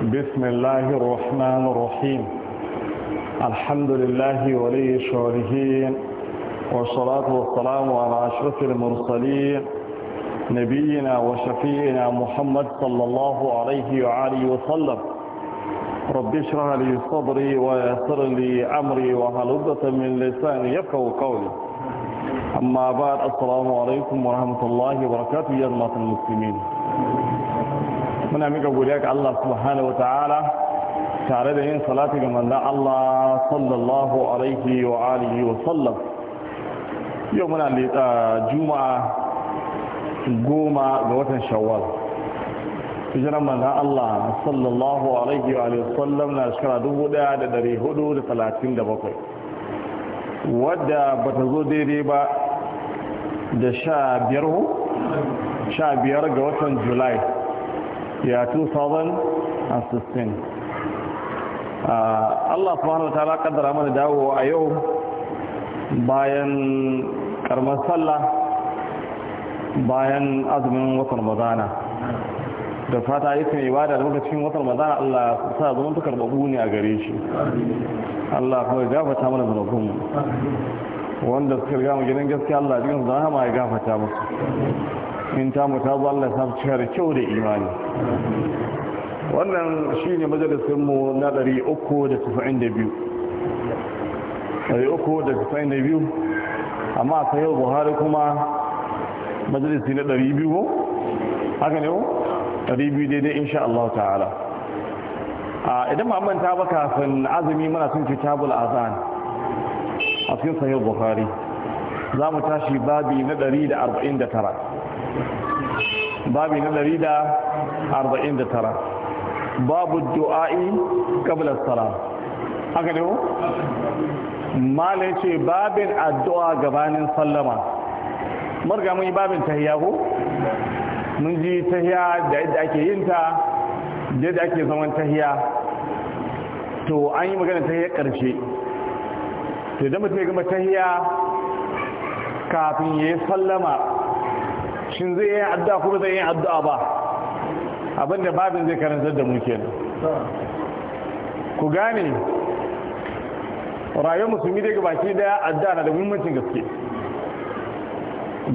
بسم الله الرحمن الرحيم الحمد لله ولي الشارحين والصلاة والسلام على أشرف المرسلين نبينا وشفينا محمد صلى الله عليه وآله وسلم رب اشرح لي صدري ويسر لي أمري وهلدة من لساني يفقه قولي أما بعد السلام عليكم ورحمة الله وبركاته يا المسلمين muna mika godiya ga Allah subhanahu wa ta'ala tare da yin salati ga manzon Allah sallallahu alaihi wa alihi wa sallam yau muna litsa juma'a goma ga watan shawwal hijiran manzon Allah sallallahu alaihi wa alihi wa sallam na shekara 1437 wadda bata zo daidai ba da sha biyar ga watan julai year ah, 2016 Allah subhanahu wa ta'ala kaddara mana dawo a yau bayan karmar sallah bayan azumin watan Ramadana da fata yi kan ibada da muka cikin watan Ramadana Allah sa zaman ta karbabu ne a gare shi Allah kuma gafata mana zanakun wanda suka gama ginin gidan gaskiya Allah jikin zama ya gafata musu in ta mutu ba Allah sa cika da kyau da imani wannan shi ne majalisunmu na 392 biyu amma a yau buhari kuma majalisi na 200 haka ne ko 200 daidai insha Allah ta'ala idan ma'amanta ba kafin azumi muna sun kitabul azan a cikin sahih buhari za mu tashi babi na 149 babi na arba'in da tara, babu du'a'i qabla tara haka ne mu? ce babin addu'a gabanin sallama marga mun yi babin tahiya ko mun ji tahiya da yadda ake yin ta da yadda ake zaman tahiya, to an yi magana tahiyya ƙarshe, to idan mutum ya gama tahiya kafin ya yi sallama shin zai yi addu'a kuma zai yi addu'a ba abinda babin zai karantar da muke kenan ku gane rayuwar musulmi daga baki daya addu'a na da muhimmancin gaske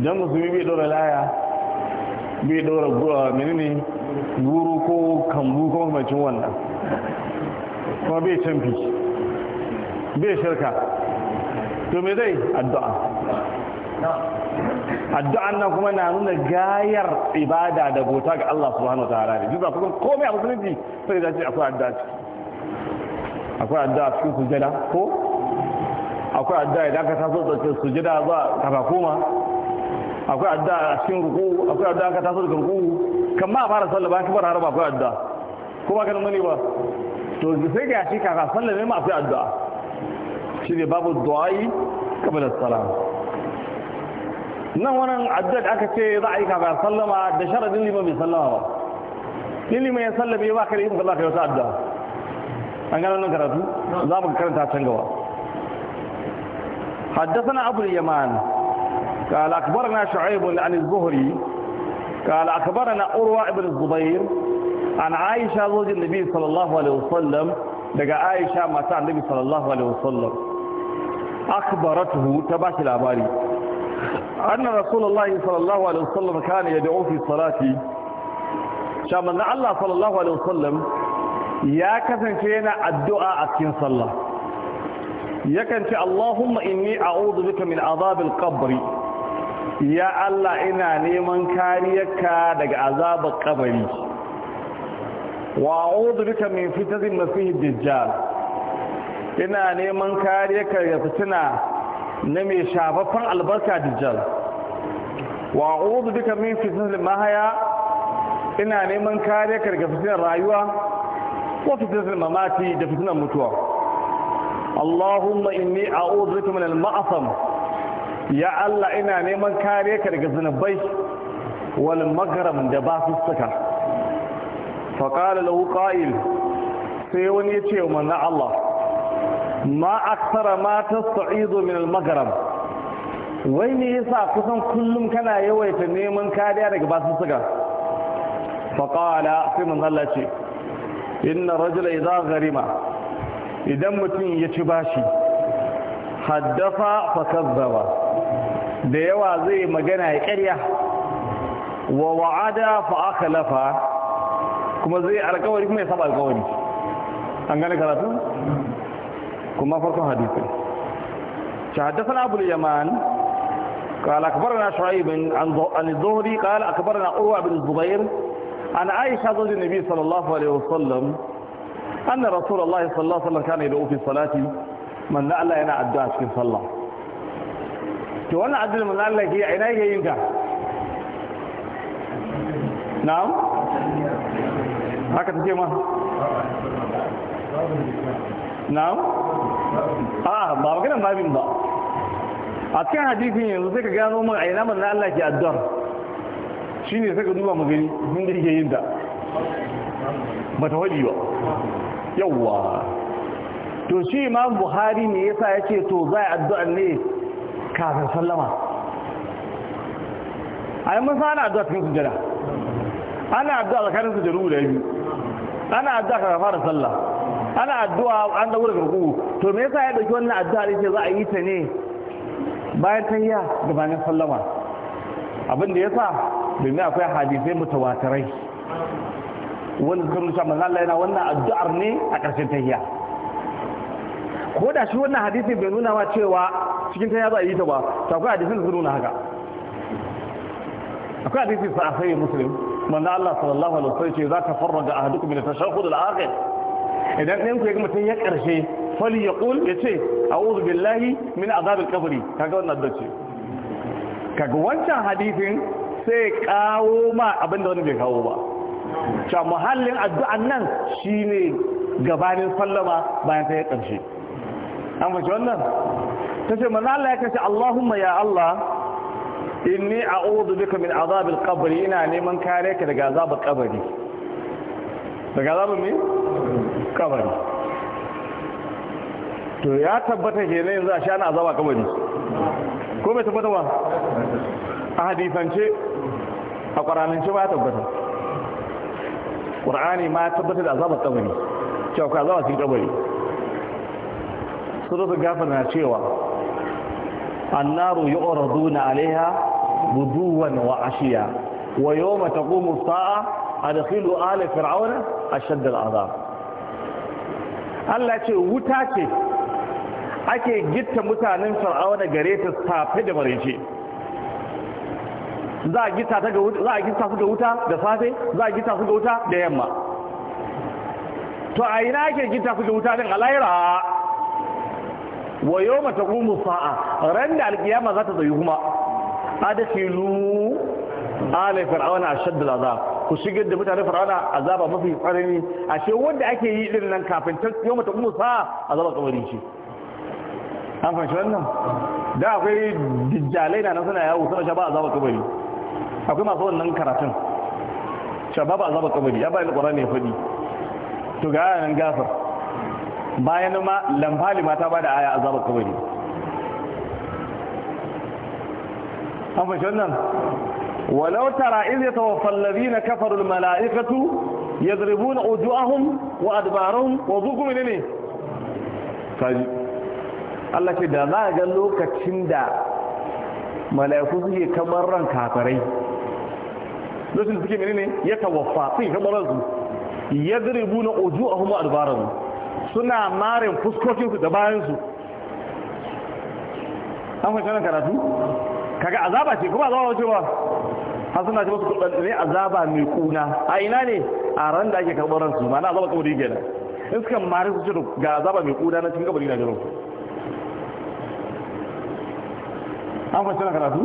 don musulmi bai dora laya bai dora ah, menene guru ko kambu ko mamacin wannan kuma bai canfi bai shirka to me zai addu'a addu'an nan kuma na nuna gayar ibada da bota ga Allah subhanahu wa ta'ala ne duba kuma komai a musulunci sai da ce akwai addu'a akwai addu'a cikin sujada ko akwai addu'a idan ka taso daga sujada zuwa kafa koma akwai addu'a a cikin ruku akwai addu'a ka taso daga ruku kamar a fara sallah ba ka fara harba akwai addu'a kuma ka nuna ne ba to sai ga shi kaka sallah ne ma akwai addu'a shi ne babu du'ai kamar salama. nan wannan addad aka ce za a yi kafin sallama da sharadin liman bai sallama ba in liman ya sallame ba ka da ikon za ka yi an gano nan karatu za mu karanta can gaba حدثنا أبو اليمان قال أخبرنا شعيب عن الزهري قال أخبرنا أروى بن الزبير عن عائشة زوج النبي صلى الله عليه وسلم لقى عائشة متى النبي صلى الله عليه وسلم أخبرته تباشي الأباري anna rasulullahi sallallahu alaihi wasallam kana yad'u fi salati sha manzo Allah sallallahu alaihi wasallam ya kasance yana addu'a a cikin sallah yakan ce Allahumma inni a'udhu bika min azabil qabr ya Allah ina neman kariyarka daga azabar kabari wa a'udhu bika min fitnatil masih dajjal ina neman kariyarka daga fitina na mai shafaffen albarka Dijjal. wa a'udhu duka min fitnatil mahaya ina neman kariya karga daga rayuwa wa fitnatil mamaki da fitnar mutuwa Allahumma inni a'udhu bika min al-ma'asam ya Allah ina neman kariya karga zinabai wani wal magaram da ba su saka fa da sai wani ya ce wa manna Allah ma aksara ma tasta'idu min al-maghrib wai me yasa kusan kullum kana yawaita neman kariya daga basu suga faqala sai mun Allah ce inna rajula idza gharima idan mutum ya ci bashi haddafa fa kazzaba da yawa zai magana ya ƙarya wa wa'ada fa akhlafa kuma zai alƙawari kuma ya saba alƙawari an gane karatu كما فرقوا حديثي شهدتنا أبو اليمان قال أخبرنا شعيب عن الظهري قال أخبرنا أروع بن الزبير عن عائشة زوج النبي صلى الله عليه وسلم أن رسول الله صلى الله عليه وسلم كان يدعو في صلاته من نعلى أنا عداش في الصلاة وانا عدل من نعلى هي عناية ينجح نعم هكذا تجي ما na'am a ah, ba maganan babin ba a cikin hadisin yanzu sai ka gano mun a ina manzo Allah ke addu'ar ne sai ka duba mu gani mun da yake yin ta bata wadi ba yawa to shi imam buhari ne ya sa ya ce to za a addu'ar ne kafin sallama ai mun sa ana addu'a cikin sujada ana addu'a tsakanin sujudu da biyu ana addu'a kafin fara sallah ana addu'a an daura ruku'u to me yasa ya dauki wannan addu'a da yake za a yi ta ne bayan tayya da bayan sallama abin da yasa domin akwai hadisai mutawatirai wanda suka nuna manzo Allah yana wannan addu'ar ne a ƙarshen tayya ko da shi wannan hadisi bai nuna wa cewa cikin tayya za a yi ta ba to akwai hadisin da nuna haka akwai hadisi sa sai muslim manzo Allah sallallahu alaihi wasallam ce za ka farraga ahadukum min tashahhud al-akhir idan ɗayan ku ya gama mutum ya ƙarshe fali ya ƙul ya ce a uzu billahi min azabin kabari kaga wannan dace kaga wancan hadisin sai kawo ma abin da wani bai kawo ba ta muhallin addu'an nan shine gabanin sallama bayan ta ya ƙarshe an fashe wannan ta ce mana Allah ya kashe Allahumma ya Allah inni a'udhu duka min azabin kabari ina neman kare ka daga azabin kabari daga azabin me kabari to ya tabbata kenan yanzu a shana azaba kabari ko bai tabbata ba a hadifance a ƙwaranance ba ya tabbata ƙwarani ma ya tabbata da azaba kabari cewa ka azaba cikin kabari su su gafa na cewa annaru yu'raduna alaiha buduwan wa ashiya wa yawma taqumu as-sa'a adkhilu ala fir'auna ashadda al-'adab Allah ce wuta ce ake gitta mutanen fir'auna gare ta safe da maraice za a gita su ga wuta da safe za a gita su ga wuta da yamma to a ina ake gita su ga wuta din laira wa yau mata kuma sa'a ran da alƙiyama za ta tsayi kuma adasilu ala fir'auna ashaddu azab ku shigar da mutane fir'auna azaba mafi tsanani ashe wanda ake yi din nan kafin ta yau mata kuma sa azaba kabari ce an fahimci wannan da akwai dijjalai na nan suna yawo suna shaba azaba kabari akwai masu wannan karatun shaba ba azaba kabari ya bayan qur'ani ya fadi to ga nan gafar bayan ma lamfali ma ta bada aya azaba kabari an fahimci wannan ولو ترى إذ يتوفى الذين كفروا الملائكة يضربون وجوههم وأدبارهم وذوقوا من إيه kaji Allah ce da za a ga lokacin da mala'iku suke kamar ran kafirai lokacin suke menene ya tawaffa sun kamar ransu ya ziribu na oju a huma albaran suna marin fuskokinsu da bayansu an karatu azaba ce kuma azaba wace ba har suna ce masu kudantsane azaba mai kuna a ina ne a ran da ake karɓar ransu ma na azaba kabari kenan in suka mari su ce ga azaba mai kuna na cikin kabari na jiran an fashe na karatu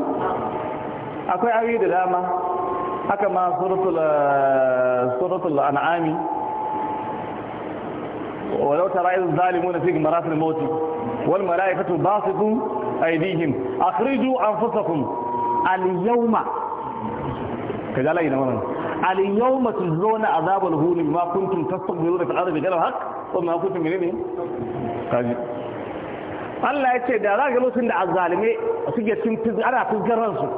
akwai ayoyi da dama haka ma suratul an'ami ولو ترى إذ الظالمون في مرات الموت والملائكة باسطوا أيديهم أخرجوا أنفسكم اليوم ka jala ina wannan al yawma tuzuna azabal huni ma kuntum tastakbiruna fil ardi ghayra haqq wa ma kuntum menene kaji Allah ya ce da za ga lokacin da azzalime suke cin ana fizgaran ransu.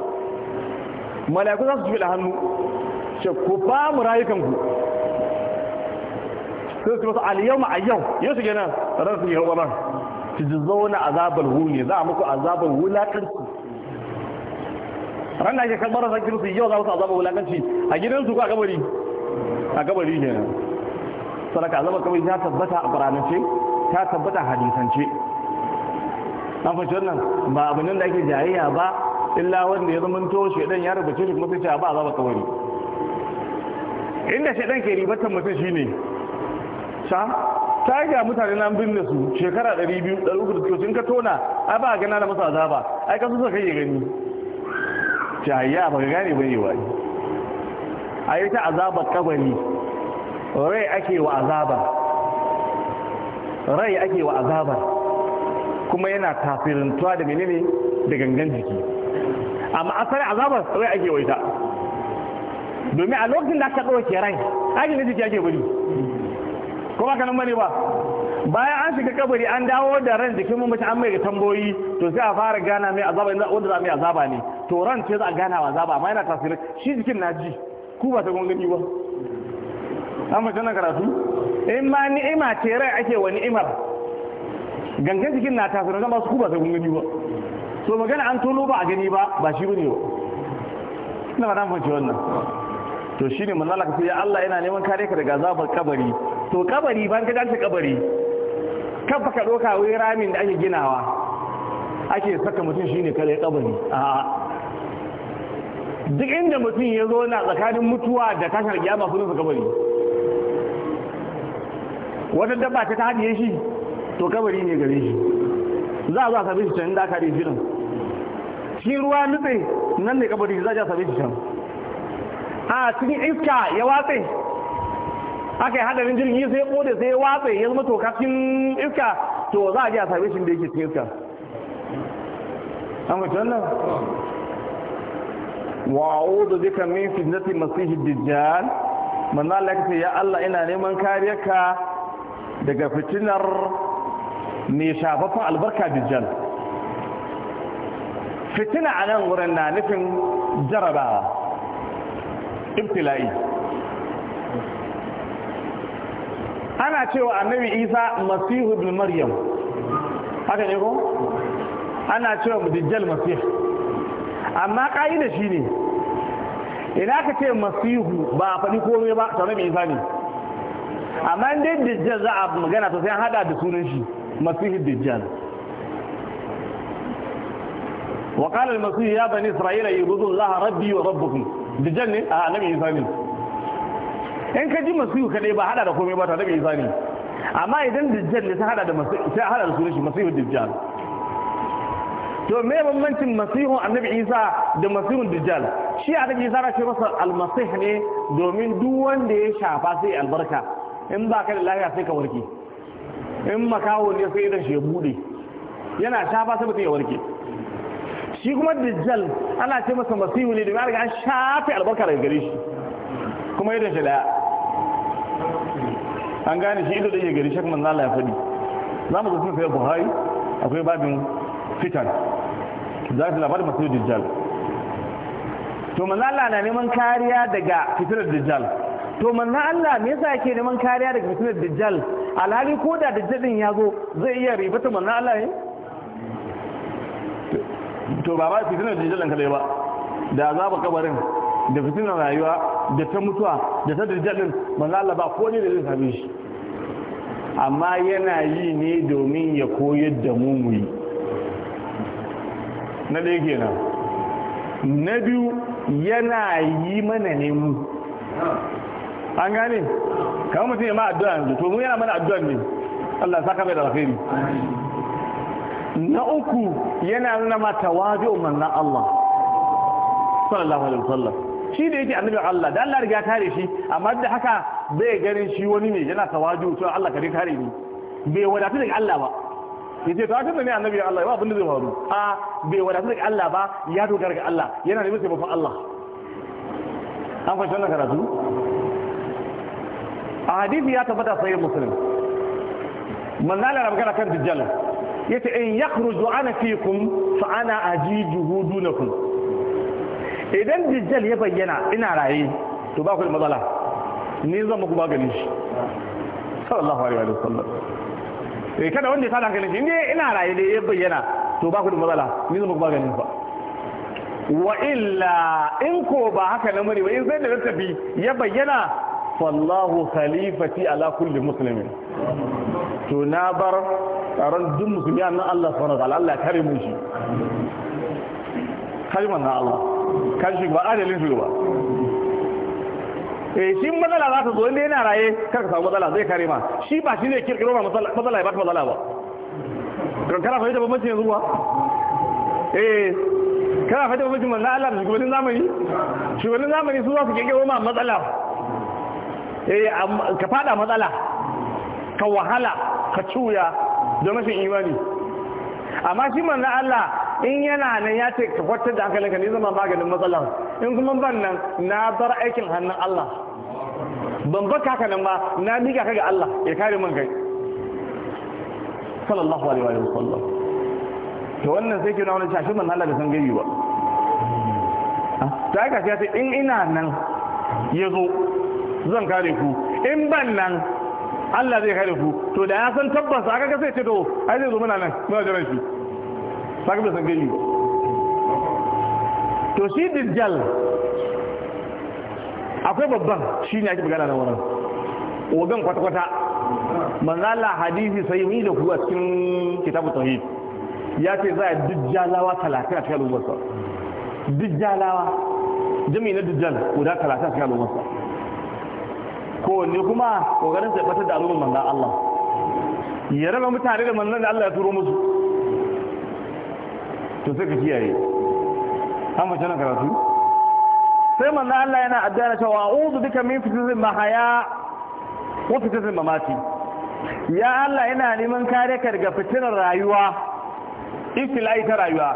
malaiku za su fi da hannu ce ku ba mu rayukanku sai su masu aliyama a yau yau su gina ransu su yi hau ɓaran su ji zauna azabar huni za a muku azabar wulatarsu ran da ake kalmar san kirsu yau za su azaba wulakanci a gidansu ko a kabari a kabari ne sadaka azaba kabari ta tabbata a ƙuranance ta tabbata a hadisance an fashe wannan ba abin da ake jayayya ba illa wanda ya zama to shaidan ya rubuce shi kuma sai ce ba azaba kabari inda shaidan ke ribatar mutum shine sha ta ga mutane na binne su shekara 200 300 sun ka tona a ba gana da masa azaba ai kasu suka kai gani jayya ba gane bane wa a yi ta azabar kabari rai ake wa azabar rai ake wa azabar kuma yana tafirintuwa da menene da gangan jiki amma asalin azabar rai ake wa ita domin a lokacin da aka ɗauke rai ake na jiki ake bari kuma ka nan bane ba bayan an shiga kabari an dawo da ran jikin mace an mai tamboyi to sai a fara gana mai azaba wanda za mai azaba ne to ran sai za a gana wa azaba amma yana tasiri shi jikin na ji ku ba ta gongani ba an mace na karatu in ma ni'ima ce rai ake wa ni'imar gangan jikin na tasirin ba su ku ba ta gongani ba to magana an tono ba a gani ba ba shi bane ba ina ba na fahimci wannan to shine manzo Allah ya Allah yana neman kare ka daga azabar kabari to kabari ban ka dace kabari kan ka doka wai ramin da ake ginawa ake saka mutum shine kare kabari a duk inda mutum ya zo na tsakanin mutuwa da tashar kiyama masu sa kabari wata dabba ta ta haɗiye shi to kabari ne gare shi za a zo a sabi shi can da aka haɗe shi shi ruwa nutse nan ne kabari za a sabi shi can a cikin iska ya watse aka yi hadarin jirgi sai kode sai watsa ya zama to kafin iska to za a ji a same shi da yake cikin iska an mutu wannan wa da min fitnati masu dajjal manzo Allah ya Allah ina neman kariyarka daga fitinar mai shafafa albarka dajjal fitina a nan wurin na nufin jarabawa ibtila'i ana cewa annabi isa masihu bin maryam haka ne ko ana cewa Dijjal masih amma shi ne ina ka ce masihu ba a faɗi komai ba to annabi isa ne amma inda Dijjal za a magana to sai an hada da sunan shi masihu dajjal وقال المسيح يا بني اسرائيل اعبدوا الله ربي وربكم دجال ne a annabi isa ne in ka ji masihu kaɗai ba hada da komai ba ta da isa ne amma idan Dijjal ne ta hada da masu ta hada da sunan shi masihu dijjal to me bambancin masihun annabi isa da masihun Dijjal shi annabi isa na ce masa almasih ne domin duk wanda ya shafa sai albarka in ba ka da lafiya sai ka warke in makawo ne sai idan shi ya bude yana shafa sai mutum ya warke shi kuma Dijjal ana ce masa masihu ne domin an shafe albarka daga gare shi kuma idan shi daya an gane shi ido da iya gari shakman na Allah ya faɗi za mu zafi kuma Buhari akwai babin fitan za su labarin masu dajjal to manzo Allah na neman kariya daga fitinar dajjal to manzo Allah me yasa yake neman kariya daga fitinar dajjal alhali ko da dajjal din ya zo zai iya ribata manzo Allah ne to ba ba fitinar dajjal kan ba da ba kabarin da fitinar rayuwa da ta mutuwa da ta dirjalin manzo Allah ba ko ne da zai same shi amma yana yi ne domin ya koyar da mu mu yi na ɗaya kenan na biyu yana yi mana ne mu an gane kamar mutum ya ma addu'a yanzu to mu yana mana addu'a ne Allah ya saka mai da alkhairi na uku yana nuna ma tawazu manzon Allah sallallahu alaihi wasallam shi da yake annabi Allah da Allah riga kare shi amma da haka bai ganin shi wani ne yana tawaju to Allah kare kare ni bai wadatu daga Allah ba yace to haka ne annabi Allah ba abin da zai faru a bai wadatu daga Allah ba ya dogara ga Allah yana neman taimakon Allah an fahimci wannan karatu a hadisi ya tabbata sai muslim manzo Allah magana kan dajjal yace in yakhruju ana fikum fa ana ajiduhu dunakum idan dijjal ya bayyana ina raye to ba ku da matsala ni zan muku maganin shi sallallahu alaihi wa sallam eh kada wanda ya tada hankali shi ne ina raye da ya bayyana to ba ku da matsala ni zan muku maganin fa wa illa in ko ba haka na namuri ba in zai da tafi ya bayyana fallahu khalifati ala kulli muslimin to na bar tsaron duk musulmi annan Allah subhanahu wa ta'ala Allah ya kare mu shi kalmar na Allah kashi ba adalin shi ba eh shi matsala za ta zo inda yana raye kar ka samu matsala zai kare ma shi ba shi ne kirkiro ma matsala ya ba ta matsala ba kankara kana fahimta bambanci yanzu ba eh kana fahimta mace manzo Allah da shugabannin zamani shugabannin zamani su za su kirkiro ma matsala eh ka fada matsala ka wahala ka cuya da mashin imani amma shi manzo Allah in yana nan ya ce ka kwatar da hankalinka ni zama maganin matsalar in kuma ban nan na bar aikin hannun Allah ban bar ka nan ba na miƙa ka ga Allah ya kare man kai sallallahu alaihi wa sallam to wannan sai ke nuna shashin man Allah da san gaibi ba ta haka sai ta in ina nan ya zo zan kare ku in ban nan Allah zai kare ku to da ya san tabbas aka ga sai ce to ai zai zo muna nan muna da shi ba ka san gani to shi dijjal akwai babban shi ne ake magana na wurin ogan kwata-kwata manzala hadisi sai yi da ku a cikin kitabu tawhid ya ce za a dijjalawa talatin a cikin al'ummarsa dijjalawa jami na dijjal guda talatin a cikin al'ummarsa ne kuma kokarin sai batar da al'ummar manzan Allah ya raba mutane da manzan da Allah ya turo musu to sai ka kiyaye an mace nan karatu sai manzo Allah yana addana cewa a'udhu bika min fitnatil mahaya wa fitnatil mamati ya Allah yana neman kare ka daga fitinar rayuwa iftila'i ta rayuwa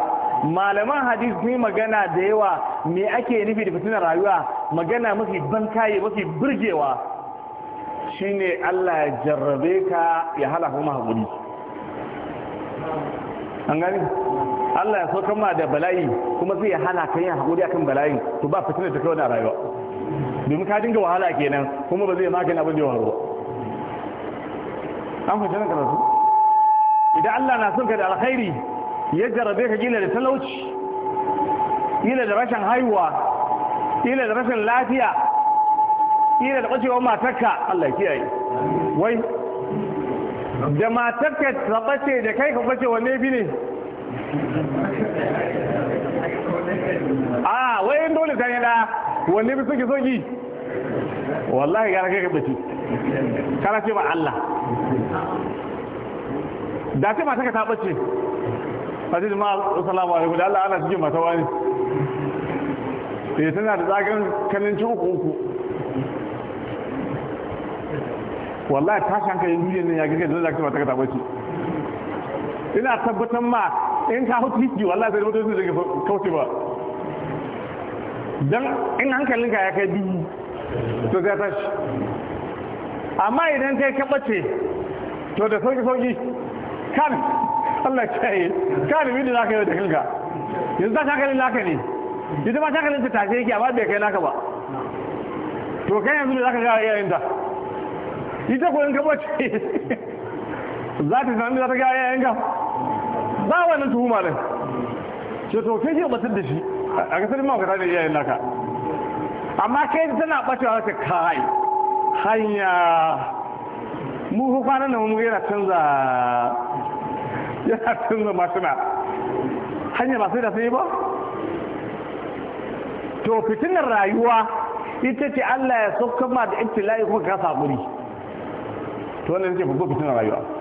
malaman hadis ne magana da yawa me ake nufi da fitinar rayuwa magana mafi kaye mafi burgewa shine Allah ya jarrabe ka ya halaka kuma an gani Allah ya saukar ma da bala'i kuma zai hana ka yin haƙuri akan bala'in to ba fitina ta kawai na rayuwa domin ka dinga wahala kenan kuma ba zai magana abin da ya ruwa an fahimci nan karatu idan Allah na son ka da alkhairi ya jarabe ka gina da talauci gina da rashin haihuwa gina da rashin lafiya gina da ɓacewar matarka Allah kiyaye wai da matarka ta ɓace da kai ka ɓace wanne bi ne a dole ta yi da wanne bi suke soki wallahi gara kai kaɓaci kana ce ba Allah da ce mata ka taɓace a ce ma salamu alaihi da Allah ana cikin mata wani ya eh, tana da tsagen kaninci uku uku wallahi ta shanka yin duniyar nan ya gaga da ta ka ta taɓace ina tabbatar ma in ka hau titi wallahi sai motoci daga kauce ba don in hankalinka ya kai dubu to zai tashi amma idan kai kaɓace to da sauki-sauki kan Allah kiyaye kan bi da kai ka da kanka yanzu ta shakalin laka ne yanzu ma shakalin ta tashi yake amma bai kai laka ba to kai yanzu da za ka gara yayin ta ita ko in kaɓace za ta sami za ta gara yayin ka ba wannan tuhuma din ce to kai ba batar da shi a kasar ma ka da iyayen naka amma kai tana bacewa ta kai hanya mu fa kwanan nan mu yana canza yana canza mashina hanya masu da sai ba to fitinar rayuwa ita ce Allah ya sokka ma da ibtila'i kuma ka samu to wannan ne babban fitinar rayuwa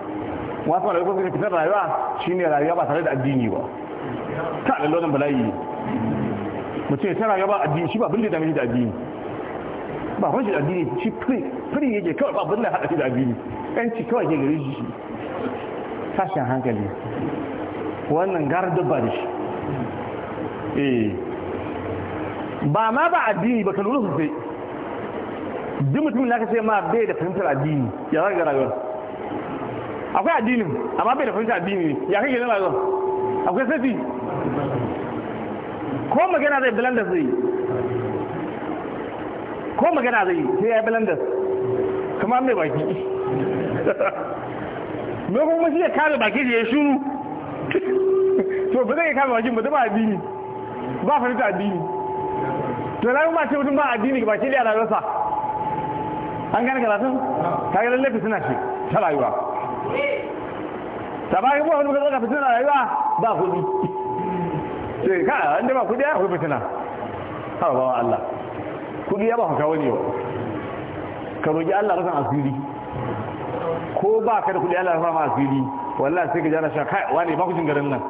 wasu rayuwa suka fitar rayuwa shine rayuwa ba tare da addini ba ta da lonan bala'i mutum ta rayuwa ba addini shi ba bin da dame da addini ba kwanci da addini shi firi yake kawai ba bin da haɗa shi da addini yanci kawai ke gari shi tashin hankali wannan gara dabba da shi eh ba ma ba addini ba ka lura sosai duk mutumin da aka ce ma bai da fahimtar addini ya zaga rayuwar akwai addinin amma bai da fahimta addini ne ya kai gina zan akwai sati ko magana zai blanda zai yi ko magana zai yi sai ya blanda kuma mai baki me kuma shi ya kare baki da ya shuru to ba zai kare baki ba da ba addini ba fahimta addini to rayu ma ce mutum ba addini ba ke da rayuwarsa an gane karatun yi lallafi suna ce ta rayuwa sabari ba wani kuka fitina rayuwa ba kudi sai ka inda ba kudi ya kuwa fitina har bawa Allah kudi ya ba kawo ne ba ka roƙi Allah rufin asiri ko ba ka da kudi Allah rufin asiri wallah sai ka jana sha kai wani ba kucin garin nan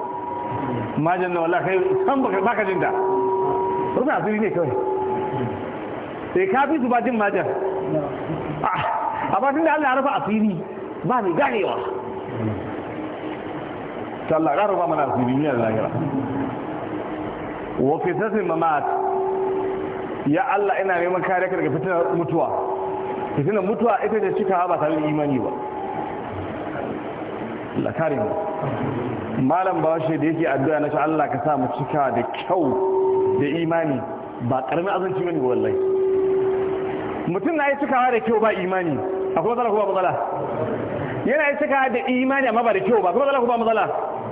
majin na wallah kai san ba ka jin da rufin asiri ne kawai sai ka fi su ba jin majin a ah, ba tun da Allah rufin asiri ba ni ganewa Allah ƙara ba mana su duniya da lahira wa fitatin mamat ya Allah ina neman kare ka daga fitinar mutuwa fitinar mutuwa ita ce cikawa ba tare da imani ba Allah kare mu malam da yake addu'a na shi Allah ka sa mu cika da kyau da imani ba karamin azanci mani wallahi mutum na yi cikawa da kyau ba imani akwai matsala kuma matsala yana yi cika da imani amma ba da kyau ba kuma matsala kuma matsala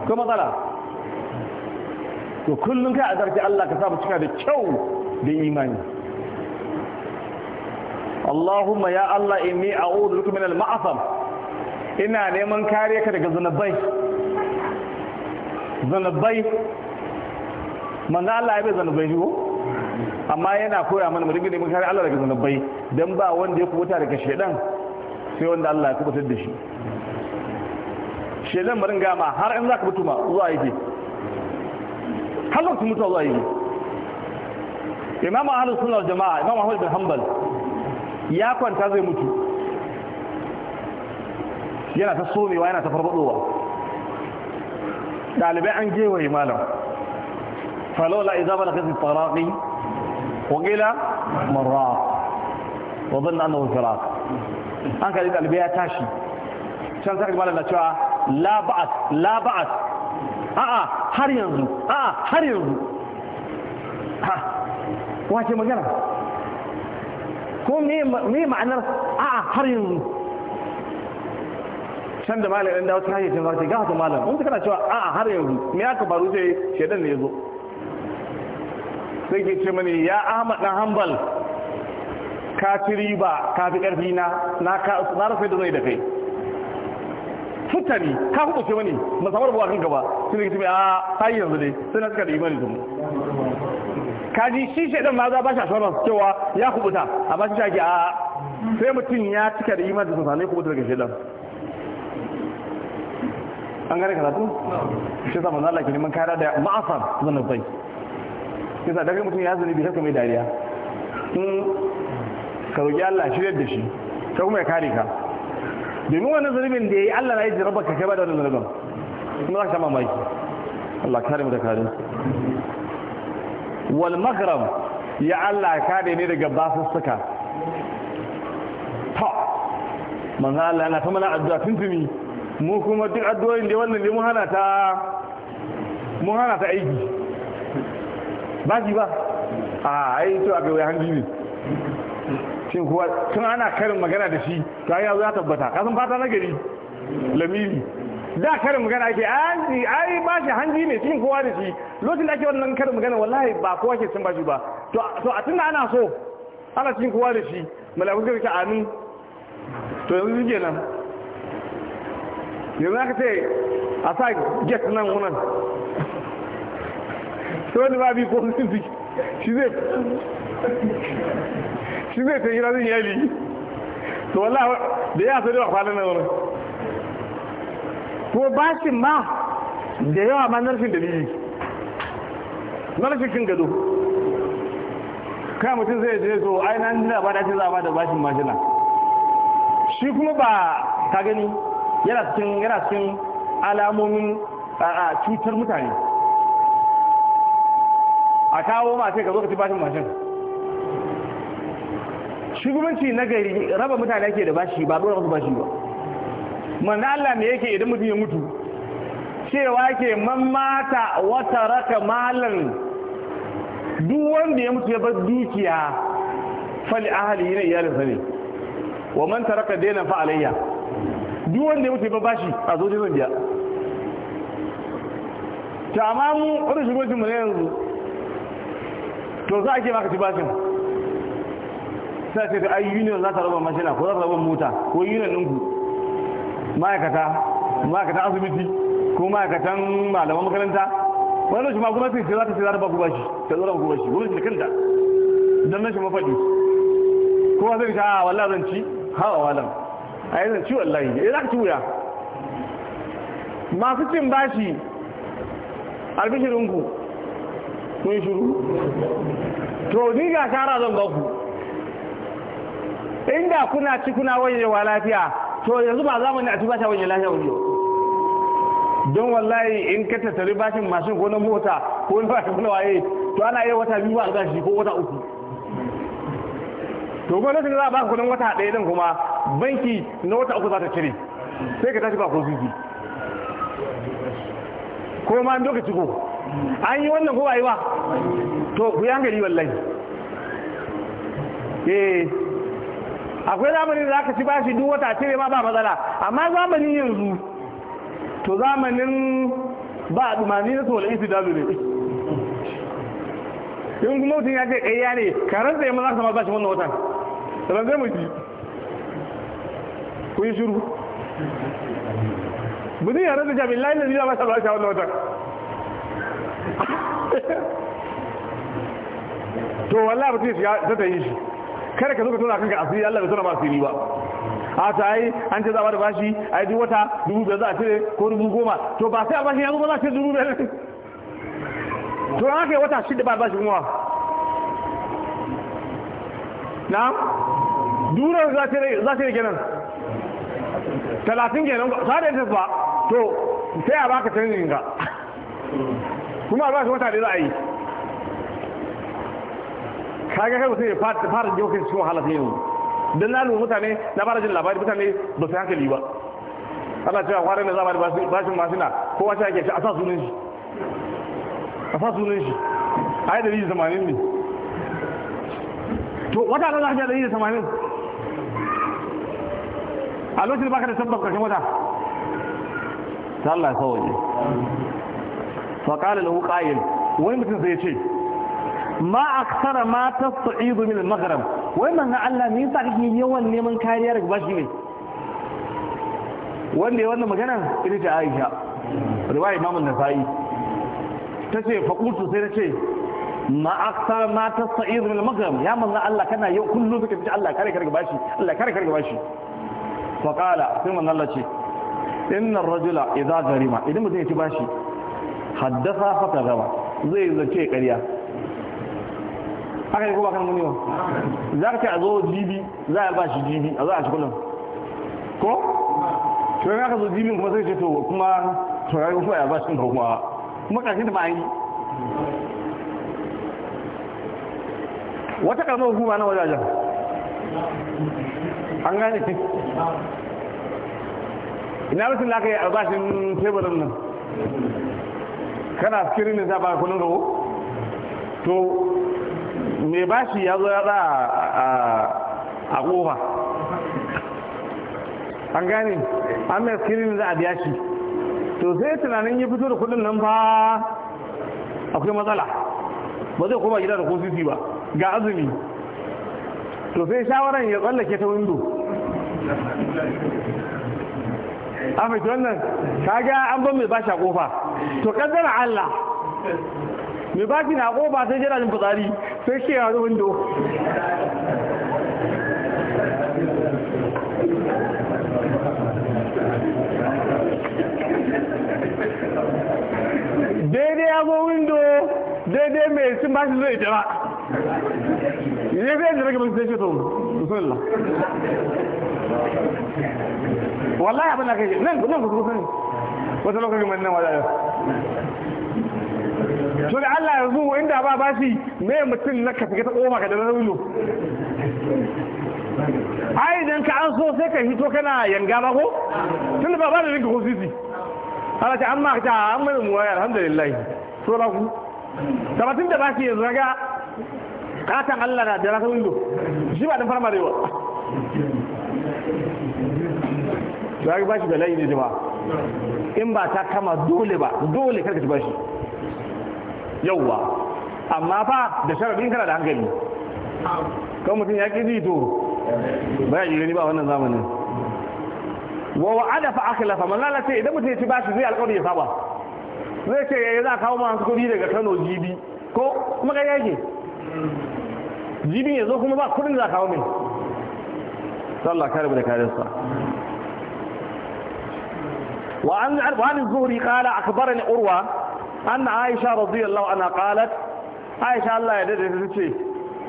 kuma matsala to kullum ka azarci Allah ka samu cika da kyau da imani Allahumma ya Allah inni a'udhu bika min al-ma'asam ina neman kariya ka daga zanabai zanabai manzo Allah ya bai zanabai ne ko amma yana koya mana mu dinga neman kare Allah daga zanabai dan ba wanda ya kubuta daga shedan sai wanda Allah ya kubutar da shi shedan barin gama har in za ka mutu ma zuwa yake har lokacin mutuwa zuwa yake Imam ahlus sunna jamaa Imam ahmad bin hanbal ya kwanta zai mutu yana ta somewa yana ta farfadowa dalibai an gewaye malam falola idza balaghat al-taraqi wa qila marra wa dhanna annahu firaq an kari ɗalibai ya tashi can sarki malam na cewa la ba'at a'a har yanzu a'a har yanzu ha wace magana ko me ma'anar a'a har yanzu can da malam ɗan dawo hanyar cewa ce gafata malam wanda kana cewa a'a har yanzu me aka faru zai shaidan ne ya zo sai ke ce mani ya ahmad dan hanbal ka ba kafi ka fi ƙarfi na na rasa da zai da kai futani ka ce mani masamar buwa kan gaba sun yi tafi a tayi yanzu dai sai na suka da imani su kaji shi shi ma maza ba shi shawarar cewa ya kubuta a ba shi shaki a sai mutum ya cika da imani su sanai kubuta daga shaidan an gane karatu shi sa manzo ke neman kara da ma'asar bai kisa daga mutum ya zanubi sai mai dariya ka roƙi Allah shiryar da shi ta kuma ya kare ka domin wannan zunubin da ya yi Allah na yi jaraba kai ba da wannan zunubin kuma za ka sama mai Allah kare mu da kare wal maghrib ya Allah kare ne daga basussuka ta manzo Allah yana ta mana addu'a tuni mu kuma duk addu'o'in da wannan ne hana ta mu hana ta aiki ba ki ba a ai to a ga wai hanji ne shin kuwa tun ana karin magana da shi to yi ya tabbata kasan fata na gari lamiri da karin magana ake ai ai ba shi hanji ne cikin kuwa da shi lokacin da ake wannan karin magana wallahi ba kowa ke cin bashi ba to to a tunda ana so ana cikin kuwa da shi malaku ga ka amin to yanzu shige nan yanzu aka ce a sa get nan wannan to wani ba bi ko shi zai shi zai ta hira zin yali to wallahi da ya so da kwanan na wani ko ba shi ma da yawa ma na da dalili na kin gado kai mutum zai je so ai nan da ba da ce za ba da bashin mashina shi kuma ba ka gani yana cikin yana cikin alamomin a cutar mutane a kawo ma sai ka zo ka ci bashin mashin shugabanci na gari raba mutane ke da bashi ba dora su bashi ba manzo Allah me yake idan mutum ya mutu cewa ke man mata wata raka malan duk wanda ya mutu ya bar dukiya fali ahli ne iyalin sa ne wa man taraka dayna fa alayya duk wanda ya mutu ya bar bashi a zo zan biya to amma mu wannan shugabanci mu ne yanzu to za a ke maka ci bashin sai ce ai union za ta raba mashina ko za ta raba mota ko union din ku ma'aikata ma'aikatan asibiti ko ma'aikatan malaman makaranta wani shi ma gwamnati ce za ta ce za ta ba ku bashi ta zara ku bashi gwamnati da kanta dan nan shi mafaɗi ko zai ce a ah, wallahi zan ci hawa walam a yi zan ci wallahi ya eh, za ka ci wuya masu cin bashi albishirinku Mun shiru to ni ga shara zan ba ku inda kuna ci kuna wayewa lafiya to yanzu ba zamani a ci ba wanyewa lafiya wajewa don wallahi in ka tattari bashin mashin ko na mota ko na bashin kuna waye to ana iya wata biyu albashi ko wata uku to kuma lokacin za a baka kudin wata ɗaya din kuma banki na wata uku za ta cire sai ka tashi ba ko zizi ko ma doka ciko an yi wannan ko ba yi ba to ku yi hankali wallahi eh akwai zamanin da zaka ci bashi duk wata cire ma ba matsala amma zamanin yanzu to zamanin ba dumani na tsohon isi dazu ne yin kuma mutum ya ce ƙayya ne karen tsaye maza sama bashi wannan watan sannan zai mutu ku yi shiru mutum ya rasa jami'in layin da zai masa bashi wannan watan to wallah mutum ya ta ta yi shi kada ka zo ka tona kanka asiri Allah bai tona ma asiri ba a ta yi an ce za a bashi a yi wata dubu biyar za a cire ko dubu goma to ba sai albashi ya zo ba za a cire dubu biyar to an haka wata shida ba albashi kuma na dura za a cire kenan talatin kenan ta da ba to sai a baka canjin ka kuma albashi wata da za a yi kaga kai mutum ya fara jiwa kai cikin wahala sai yanzu don na lura mutane na fara jin labari mutane ba su hankali ba ana cewa kwanan da za da bashin masu masina kowa shi ake ci a sa sunan shi a sa sunan shi a yi dalilin samanin ne to wata da za a dalilin samanin a lokacin baka da sabbar karshen wata ta Allah ya sawaye fa qala lahu wani mutum sai ya ce ma aksara ma tasta'idu min al-maghrib wai manzon Allah me yasa kake yawan neman kariya daga bashi ne wanda ya wannan magana ita ta Aisha riwaya Imam An-Nasa'i tace fa qultu sai tace ma aksara ma tasta'idu min al-maghrib ya manzon Allah kana yau kullum kake fita Allah kare kare bashi Allah kare kare bashi fa qala sai manzon Allah ce inna ar-rajula idza gharima idan mutum ya ci bashi haddasa fa kadaba zai zace ƙarya haka ne ko ba kan gani ba za ka ce a zo jibi za a ba shi jibi a zo a shi nan, ko to ya ka zo jibin kuma sai ce to kuma to ya kuma ya ba shi kuma kuma ka da ba wata kalmar hukuma na wajajen an gane ina rashin da aka yi albashin teburin nan kana skiri ne za ba kunin gawo to mai bashi ya zo ya za a kofa an gane an mai skirin za a biya shi to sai tunanin ya fito da kudin nan ba akwai matsala ba zai koma gida da kosisi ba ga azumi to sai shawaran ya tsallake ta windo a mai wannan ga an ban mai shi a kofa to kaddara Allah mai baki na ba sai jira jin fitsari sai ke yaro windo daidai ya go windo daidai mai sun ba shi zai jira ne zai jira gaban sai shi to wallahi abin da kai nan nan ku sani wata lokacin mannan wadaya to da Allah yanzu inda ba ba shi me mutum na ka ta koma ka da raulo ai idan ka an so sai ka hito kana yanga ba ko tun ba ba da rinka ko sisi Allah ta amma ta amma mu waya alhamdulillah so ba ku sabatin da ba shi yanzu ga katan Allah da da raulo shi ba dan farma da yawa ya ba shi bala'i ne jama'a in ba ta kama dole ba dole karka ci bashi yauwa amma fa da sharadin kana da hankali kan mutum ya ƙi ji to ba ya gani ba wannan zamanin wa wa'ada fa akhlafa man lalace idan mutum ya ci bashi zai alƙawari ya saba zai ce yayi eh, za kawo ma kuɗi daga Kano jibi ko kuma kai yake jibi ya zo kuma ba kudin za kawo min sallah kare da kare sa wa an arba an zuhri qala urwa anna aisha radiyallahu anha qalat aisha Allah ya dade ta ce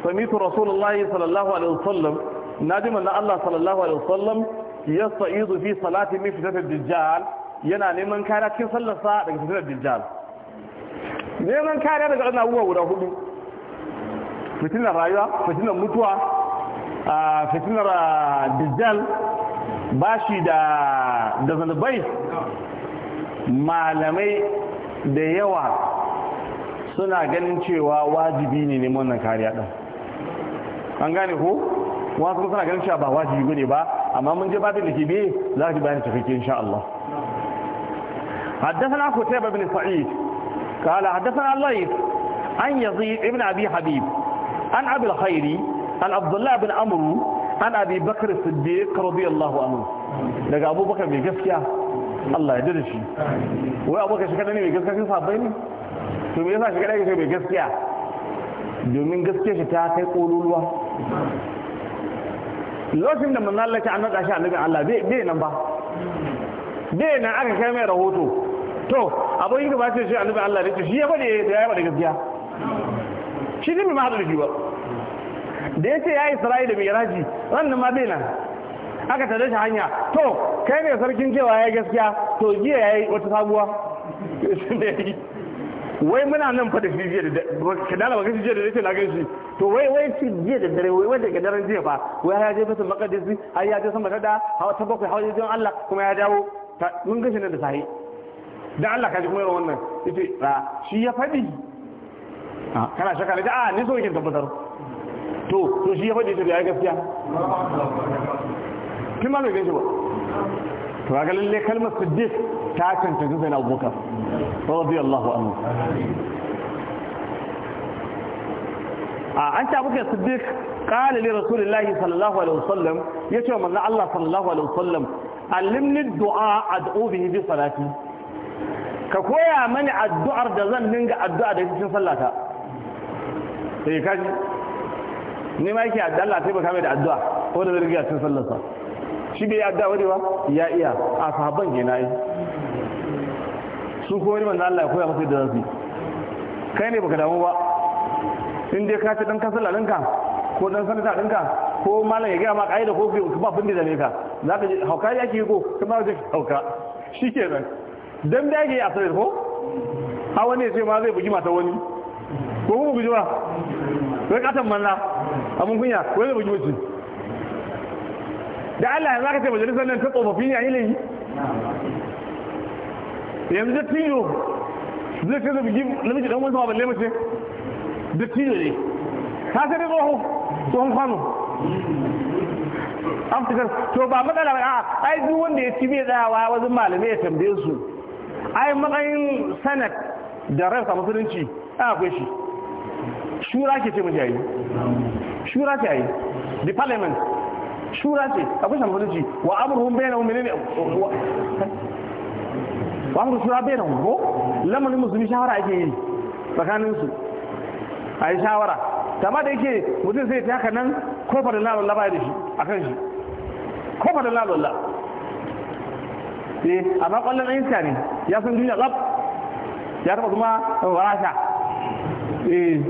samitu rasulullahi sallallahu alaihi wasallam naji manzo Allah sallallahu alaihi wasallam yasta'idu fi salati min fitatil dajjal yana neman kariya cikin sallarsa daga fitatil dajjal neman kariya daga wannan abubuwa guda hudu fitinar rayuwa fitinar mutuwa fitinar dajjal bashi da da zanabai malamai da yawa suna ganin cewa wajibi ne neman wannan kariya ɗin an gane ko wasu suna ganin cewa ba wajibi ne ba amma mun je babin da ke biye za ji bayan cikakke insha Allah حدثنا قتيبة بن سعيد قال حدثنا الليث عن يزيد ابن أبي حبيب عن أبي الخيري عن عبد الله بن عمرو عن أبي بكر الصديق رضي الله عنه لقى Abubakar بكر Gaskiya. Allah ya dada shi wai abokan shi kada ne mai sun sabai ne to me yasa shi kada yake mai gaskiya domin gaskiya shi ta kai kololuwa lokacin da manzon Allah ya an shi annabin Allah bai nan ba bai nan aka kai mai rahoto to abin yi gaba ce shi annabin Allah ne shi ya bade ya yi bade gaskiya shi ne mai mahadar shi ba da ya ya yi sarai da mai raji wannan ma bai nan aka tare shi hanya to kai ne sarkin cewa ya gaskiya to jiya ya yi wata sabuwa wai muna nan fada shi jiya da ka dala baka jiya da yake na shi, to wai wai shi jiya da dare wai daga daren jiya fa wai ya je fasa makadisi har ya je sama ta da hawa ta bakwai hawa jiya Allah kuma ya dawo mun gashi nan da sahi da Allah ka ji kuma wannan Ita ra shi ya fadi kana shaka da a ni so yake tabbatar to to shi ya fadi to ya gaskiya tun ma bai gaishe ba to ga lalle kalmar siddiq ta kanta zuwa na abubakar radiyallahu anhu a an ta buke siddiq qala li rasulillahi sallallahu alaihi wasallam yace wa manzo Allah sallallahu alaihi wasallam allimni du'a ad'u bihi bi salati ka koya mani addu'ar da zan dinga addu'a da cikin sallata sai eh, kaji ni ma yake addu'a Allah sai baka mai da addu'a ko da zai a cikin sallarsa shi bai adda ba ya iya a sahabban ke nayi su ko wani Allah ya koya masa yadda zafi kai ne baka damu ba in dai ka ce dan kasala ɗinka ko dan sanata ɗinka ko malam ya gaya ma ƙa'ida ko bai ba bin da ne ka za ka ji hauka ya ke ko kuma zai hauka shi ke nan dan da ya a sarari ko a wani ya ce ma zai bugi mata wani ko kuma guji ba wai katon manna abin kunya wai zai bugi mace da Allah ya zaka ce majalisar nan ta tsofaffi ne a yi yanzu tiyo zai ce zabi namiji dan wani balle mace da tiyo ne ta sai da tsoho tsohon kwano an fitar to ba matsala ba a ai duk wanda ya ci bai tsayawa wajen malamai ya tambaye su ai matsayin sanat da rai rarsa sunanci a akwai shi shura ke ce mu yayi shura ke ayi, the parliament shura ce akwai shambaluci wa amurhun amurhum bainahum ne wa amurhun shura bainahum ko lamarin musulmi shawara ake yi tsakanin su a yi shawara amma da yake mutum sai ta haka nan kofar da lalalla ba da shi a kan shi kofar da lalalla eh amma kwallon ayyuka ne ya san duniya lab ya taba kuma eh, rasha eh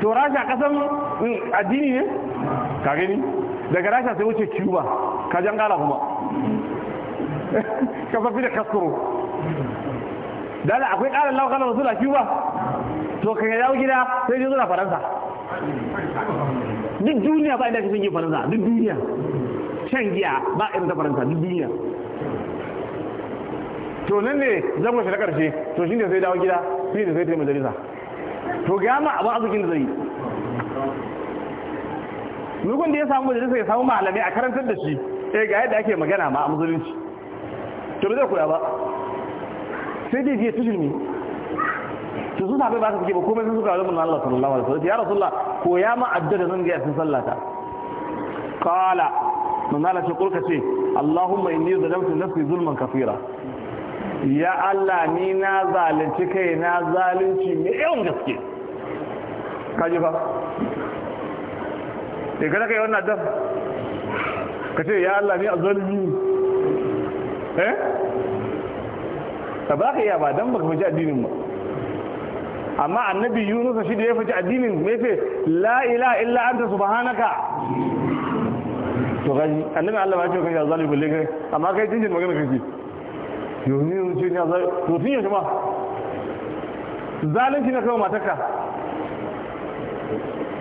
to rasha kasan mm, addini ne ka gani daga rasha sai wuce cuba kajan kala kuma kafafi da kaskuro dala akwai kalan laukalar wasu da cuba to kan ya dawo gida sai ji zuwa faransa duk duniya ba inda ka yi faransa duk duniya shan giya ba irin ta faransa duk duniya to nan ne zan shi na karshe to shi ne sai dawo gida ne sai ta majalisa to gama abin azukin da zai dukkan da ya samu majalisa ya samu malami a karantar da shi eh ga yadda ake magana ma a musulunci to ba zai kula ba sai dai ya tushin ne to su sabai ba su fike ba komai sun suka zama Allah sallallahu alaihi wasallam ya rasulullah ko ya ma adda da zan ga sun sallata qala man Allah ce kulka ce Allahumma inni zalamtu nafsi zulman kafira ya Allah ni na zalunci kai na zalunci mai yawan gaske kaji fa. Eh, da gana yi wannan dan ka ce ya Allah ne a zalimi eh ba ka iya ba dan baka fahimci addinin ba amma annabi yunus shi da ya fahimci addinin me ce la ilaha illa anta subhanaka to gani annabi Allah ba ya ce kan ya zalimi balle kai amma kai tinjin magana kake yunus ce ya zalimi to tinjin ma zalunci na kawo matarka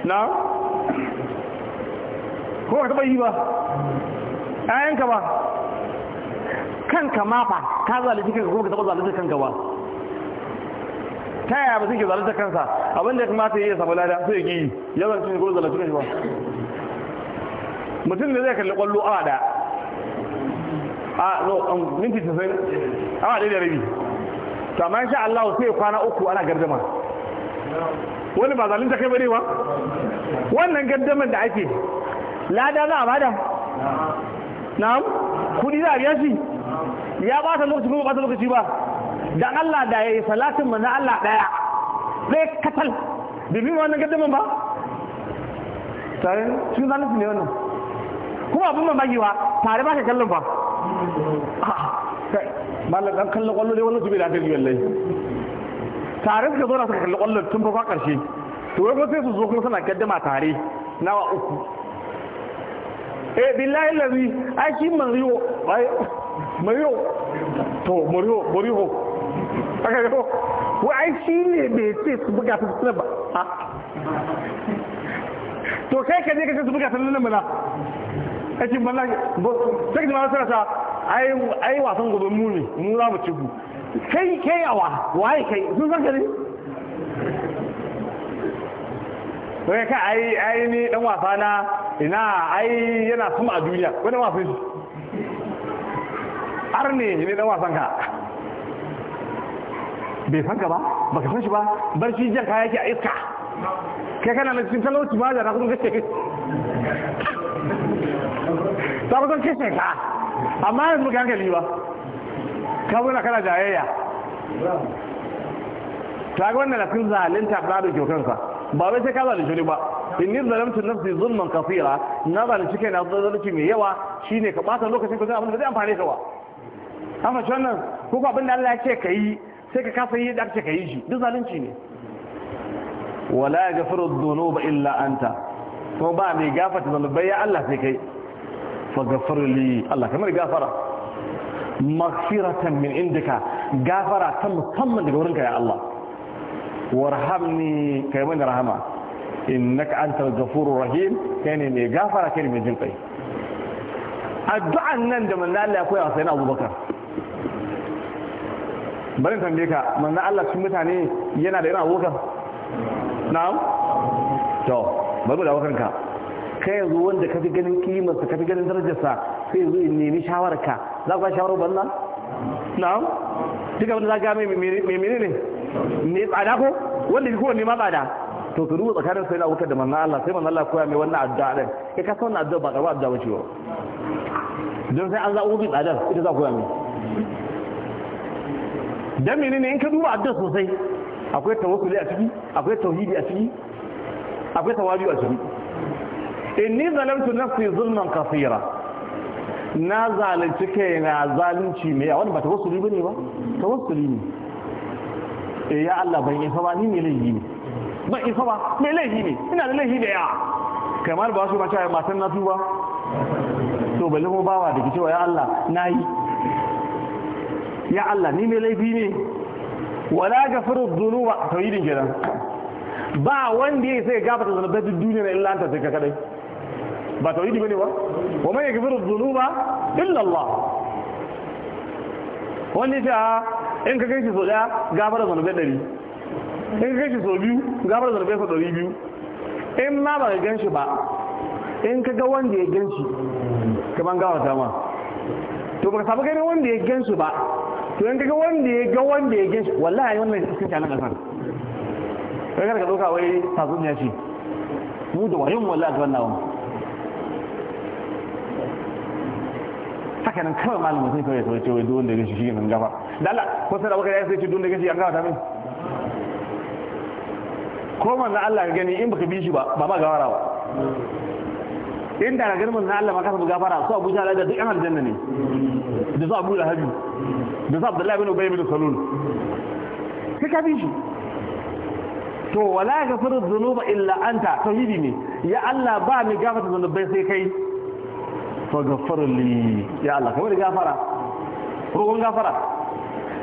na ko ka taba yi ba ayanka ba kanka ma ka zalunci kanka ko ka taba zalunci kanka ba ta yaya ba suke zalunta kansa abinda ya kamata ya samu lada sai ya yi ya zalunci ne ko zalunci kanka ba mutum ne zai kalli kwallo awa da a no minti 90 awa da rabi to amma insha Allah sai kwana uku ana gardama wani ba zalunta kai bane ba wannan gardaman da ake lada za a bada na'am kudi za a biya shi ya ba ta lokaci kuma ba ta lokaci ba dan Allah da yayi salatin manzo Allah daya zai katal bibin wannan gaddaman ba tare sun zalunci ne wannan kuma abin mamaki ba tare ba ka kallon ba malam dan kallon kwallo dai wannan su bai da yallai. wallahi tare suka zo na suka kallon kwallon tun fa karshe to wai ko sai su zo kuma suna gaddama tare nawa uku eh billahi lazi ai shi mariyo ai mariyo to mariyo mariyo aka yi wa ai shi ne bai ce su buga su suna ba ah. to kai ka je ka ce su buga su suna mana ake mana sai da masu rasa ai ai wasan gobe mu ne mu za mu ci ku kai kai awa waye kai sun san ka ne wai ka kai ai ni dan wasa na ina ai yana sama a duniya wani wasan shi har ne ne dan wasan ka bai san ka ba baka san shi ba bar shi jan kaya yake a iska kai kana na cikin talauci ma da na kuma kace ta ba san kace ka amma yanzu ka hankali ba ka buna kana jayayya ta ga wannan lafin zalunta ba da kyau kansa ba wai sai ka zalunci ne ba in ni zalamtu nafsi zulman kasira na zalunci kai na zalunci mai yawa shine ka bata lokacin ka abin da zai amfane ka ba amma shi wannan ko ko abin da Allah ya ce ka yi sai ka kasa yi da ce ka yi shi duk zalunci ne wala yaghfiru dhunuba illa anta ko ba mai gafarta zanubai ya Allah sai kai fa ghafirli Allah kamar gafara maghfiratan min indika gafara ta musamman daga wurinka ya Allah warhamni kai mana rahama innaka antal ghafurur rahim kai ne mai gafara kai ne mai jin kai addu'an nan da manzo Allah ya koya sai na Abubakar bari tambaye ka manzo Allah cikin mutane yana da irin Abubakar na'am to bari da kan ka kai yanzu wanda ka fi ganin kimar ka fi ganin darajarsa sai yanzu in nemi shawararka za ku ba shawarar banza na'am duka wanda za ga mai menene ne me tsada ko wanda ke ne ma tsada to ka duba tsakanin sai na wuta da manna Allah sai manna Allah koya mai wannan addu'a din kai eh, ka san addu'a ba karba addu'a ba ciwo ba don sai an zaɓo bi tsadar ita za koya mai dan ne in ka duba addu'a sosai akwai tawakkuli a ciki akwai tauhidi a ciki akwai tawabi a ciki inni zalamtu nafsi zulman kaseera na zalunci kai na zalunci mai a wani ba tawassuli bane ba tawassuli ne eh ya Allah ban isa ba ni ne laifi ne ban isa ba me laifi ne ina da laifi da ya kamar ba su ba cewa matan na tuba to bali mu bawa da cewa ya Allah nayi ya Allah ni ne laifi ne wala gafaru dhunuba tawidin kenan ba wanda ya sai gafarta zanubai duniya na illa anta sai ka kadai ba tauhidi bane ba wa man yaghfiru dhunuba illa Allah wani ta in ka kai shi so ɗaya gafara zanube ɗari in ka kai shi so biyu gafara zanube so ɗari biyu in ma ba ka gan shi ba in ka ga wanda ya gan shi ka kaman gawata ma to ba ka samu ganin wanda ya gan shi ba to in ka ga wanda ya ga wanda ya gan shi wallahi wannan iskin shi a nan ƙasar kai ka ɗauka wai tatsuniya ce mu da wayin wallahi ga wannan haka nan kawai malamin sai kawai sai ce wai da gashi shi nan gaba da Allah ko sai abubakar ya sai ce da gashi an gaba ta min ko manzo Allah ka gani in baka bi shi ba ba ma gawara ba in da ganin manzo Allah ma su gafara so Abu Jahl da duk an aljanna ne da su Abu Lahab da su Abdullahi bin Ubay bin Salul sai ka bi shi to wala ghafiru dhunuba illa anta tauhidi ne ya Allah ba ni gafarta zunubai sai kai faghfir li ya Allah kamar gafara roƙon gafara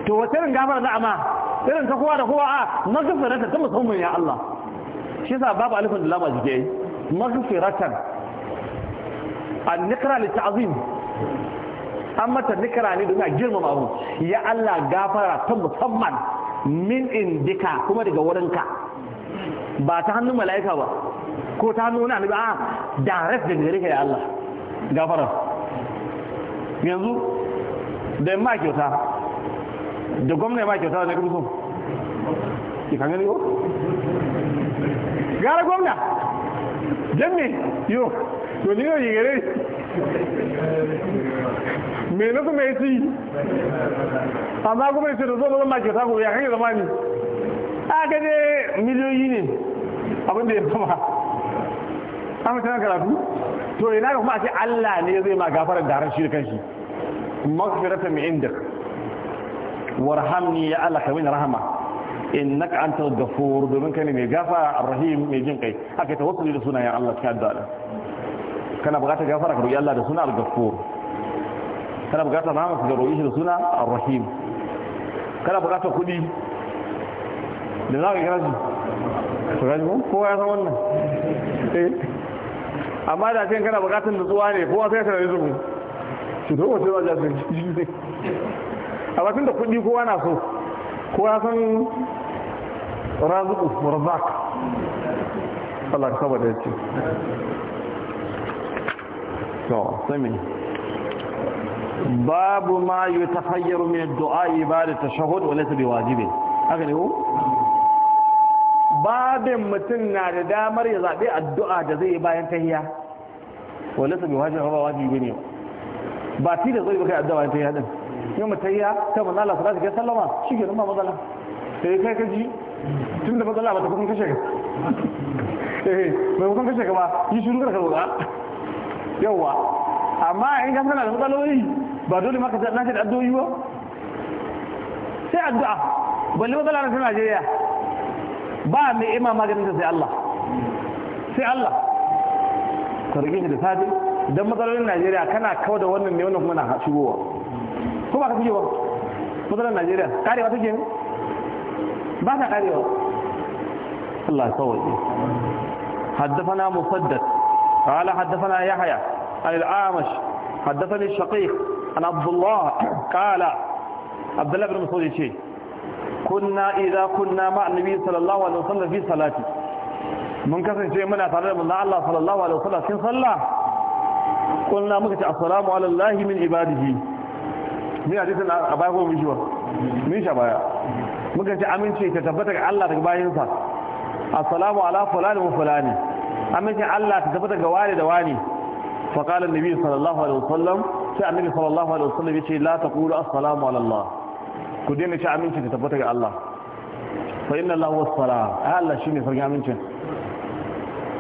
to wace irin gafara za a ma irin ta kowa da kowa a maghfiratan ta musamman ya Allah shi yasa babu alifin da lama jike maghfiratan an nikra li ta'zim an mata nikra ne don a girmama abu ya Allah gafara ta musamman min indika kuma daga wurinka ba ta hannun mala'ika ba ko ta hannun nuna ni ba direct daga gare ka ya Allah gafara yanzu da ma kyauta da gwamna ma kyauta da kuma so ke kan gani ko gara gwamna dan ne yau to ni yau yi gare me na kuma yace amma kuma yace da zo ma kyauta ko ya kan zama ne a dai miliyoyi ne abinda ya fama a mutane karatu to ina ga kuma a ce Allah ne zai ma gafarar da harar shirkan shi maghfiratan min indak warhamni ya Allah ka min rahama innaka antal ghafur domin kai ne mai gafara rahim mai jin kai aka tawassuli da sunayen Allah cikin addu'a kana bukatar gafara ka roki Allah da suna al-ghafur kana bukatar rahama ka roki shi da suna rahim kana bukatar kudi da za ka kira shi to ga ko ya san wannan eh amma da ce kana da zuwa ne kowa sai ka rage zubu shi to wace za ka ji a batun da kudi kowa na so kowa san razuku razak Allah ka saboda da yace to sami babu ma ta min ad-du'a ibada tashahhud wa laysa biwajibin haka ne ko babin mutum na da damar ya zaɓi addu'a da zai bayan tahiya walisa sabi wajibi ba wajibi ne ba ti da zai baka addu'a ta yadin yamma tayya ta manzo Allah sallallahu alaihi wasallama ke nuna matsala sai eh, kai ka ji tunda matsala ba ta kun kashe ka eh mai kun kashe ka ba yi shiru ka roƙa yawa amma in ka kana da matsaloli ba dole maka ta nace da addu'o'i ba sai addu'a balle matsala na Najeriya ba mai ima maganin sai Allah sai Allah ka rike shi da safe idan matsalolin najeriya kana kawo da wannan ne wannan kuma na shigowa ko ba ka ba matsalolin najeriya karewa take ne ba ta karewa Allah ya sauwaje حدثنا قال حدثنا يحيى عن الأعمش حدثني الشقيق عن عبد الله قال عبد الله بن مسعود كنا إذا كنا مع النبي صلى الله عليه وسلم في صلاته mun kasance muna tare da manzo Allah sallallahu alaihi wasallam cikin sallah kullana muka ce assalamu ala allahi min ibadihi min hadisin a baya ko mun shi ba mun sha baya muka ce amince ta tabbata ga Allah daga bayinsa assalamu ala fulani wa fulani amince Allah ta tabbata ga wani da wani fa qala annabi sallallahu alaihi wasallam sai annabi sallallahu alaihi wasallam yace la taqulu assalamu ala allah ku daina ce amince ta tabbata ga Allah fa inna allahu was-salam Allah shine sarki amincin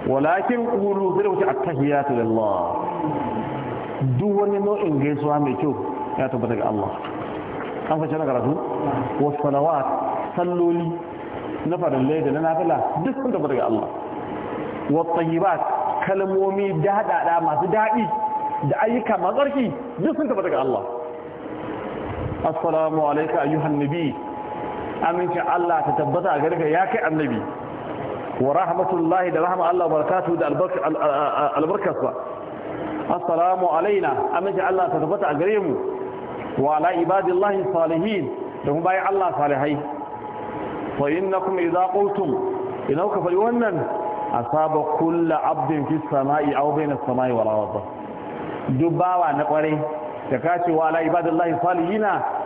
walakin qulu zai wuce at-tahiyatu lillah duk wani nau'in gaisuwa mai kyau ya tabbata ga Allah an fashe na karatu wa salawat salloli na fadin laida na nafila duk sun tabbata ga Allah wa tayyibat kalmomi daɗaɗa masu daɗi da ayyuka mazarki duk sun tabbata ga Allah assalamu alayka ayyuhan nabi amince Allah ta tabbata a garga ya kai annabi wa rahmatullahi da rahama Allah barakatu da albarkarsa assalamu alaina amince Allah ta tabbata a gare mu wa ala ibadillahi salihin da kuma bayan Allah salihai wa innakum idza qultum idan kuka fari wannan asaba kullu abdin fi samai aw bayna samai wal ardh duk bawa na kware da ka ce wa ala ibadillahi salihin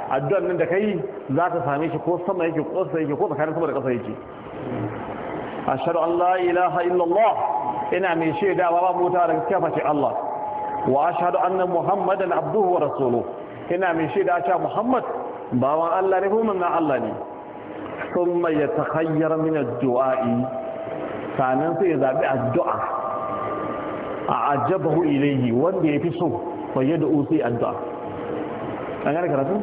addu'an nan da kai za ta same shi ko sama yake ko sai yake ko tsakanin sama da kasa yake ashadu an la ilaha illallah ina mai shaidawa ba mota da gaskiya Allah wa ashhadu anna muhammadan abduhu wa rasuluhu ina mai shaida cewa muhammad bawan Allah ne kuma na Allah ne thumma yatakhayyar min ad sanan sai ya zabi addu'a a ajabahu ilayhi wanda yafi so fa yad'u sai addu'a an karatu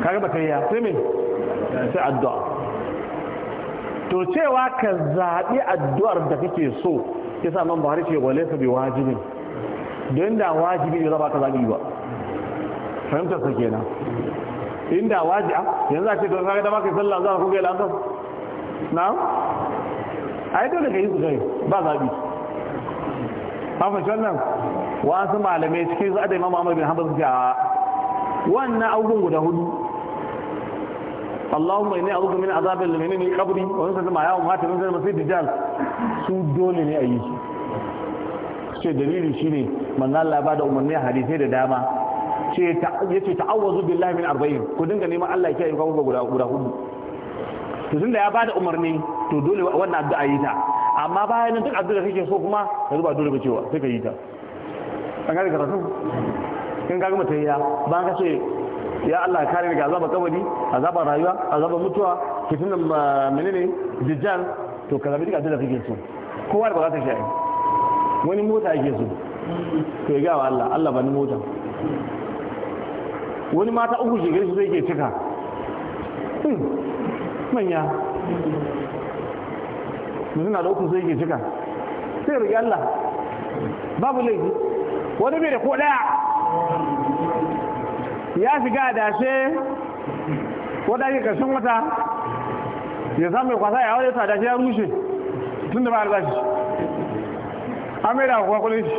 kaga sai me sai addu'a to cewa ka zaɓi addu'ar da kake so ya sa man buhari ce wale su bi wajibin don da wajibi ne zaba ka zaɓi ba fahimtar sa kenan inda waji a ah, yanzu a ce don kaga da maka sallah za ka kuka yi lantar na ai dole daga yi su ba zaɓi an fashe wannan wasu malamai cikin su adai mamamu bin hamadu a wannan abubuwan guda hudu Allahumma inni a'udhu min azabil qabri wa min sadama ma yawon min sadama sai dajjal su dole ne a yi ce dalili shine manzo Allah ba da umarni hadisai da dama ce yace ta'awuzu billahi min arba'in ku dinga neman Allah ya kiyaye ku guda guda hudu to tunda ya bada umarni to dole wannan addu'a yi ta amma bayan duk addu'a kake so kuma yanzu ba dole ba cewa sai ka yi ta an gane karatu kin ga mutum ba ka ce ya Allah kare ni ga azabar kabari azaba rayuwa azaba mutuwa fitinan menene dijjal to ka zabi dukkan da kake so kowa da ba za ta shi wani mota yake so to ya gawa Allah Allah ba ni mota wani mata uku gari su zai ke cika hmm, manya mutum na da uku zai ke cika sai riga Allah babu laifi wani bai da ko daya ya shiga da ce ko da yake karshen wata ya samu kwasa ya wadda ta dashe ya rushe tun da ba albashi an mai da kuwa kudin shi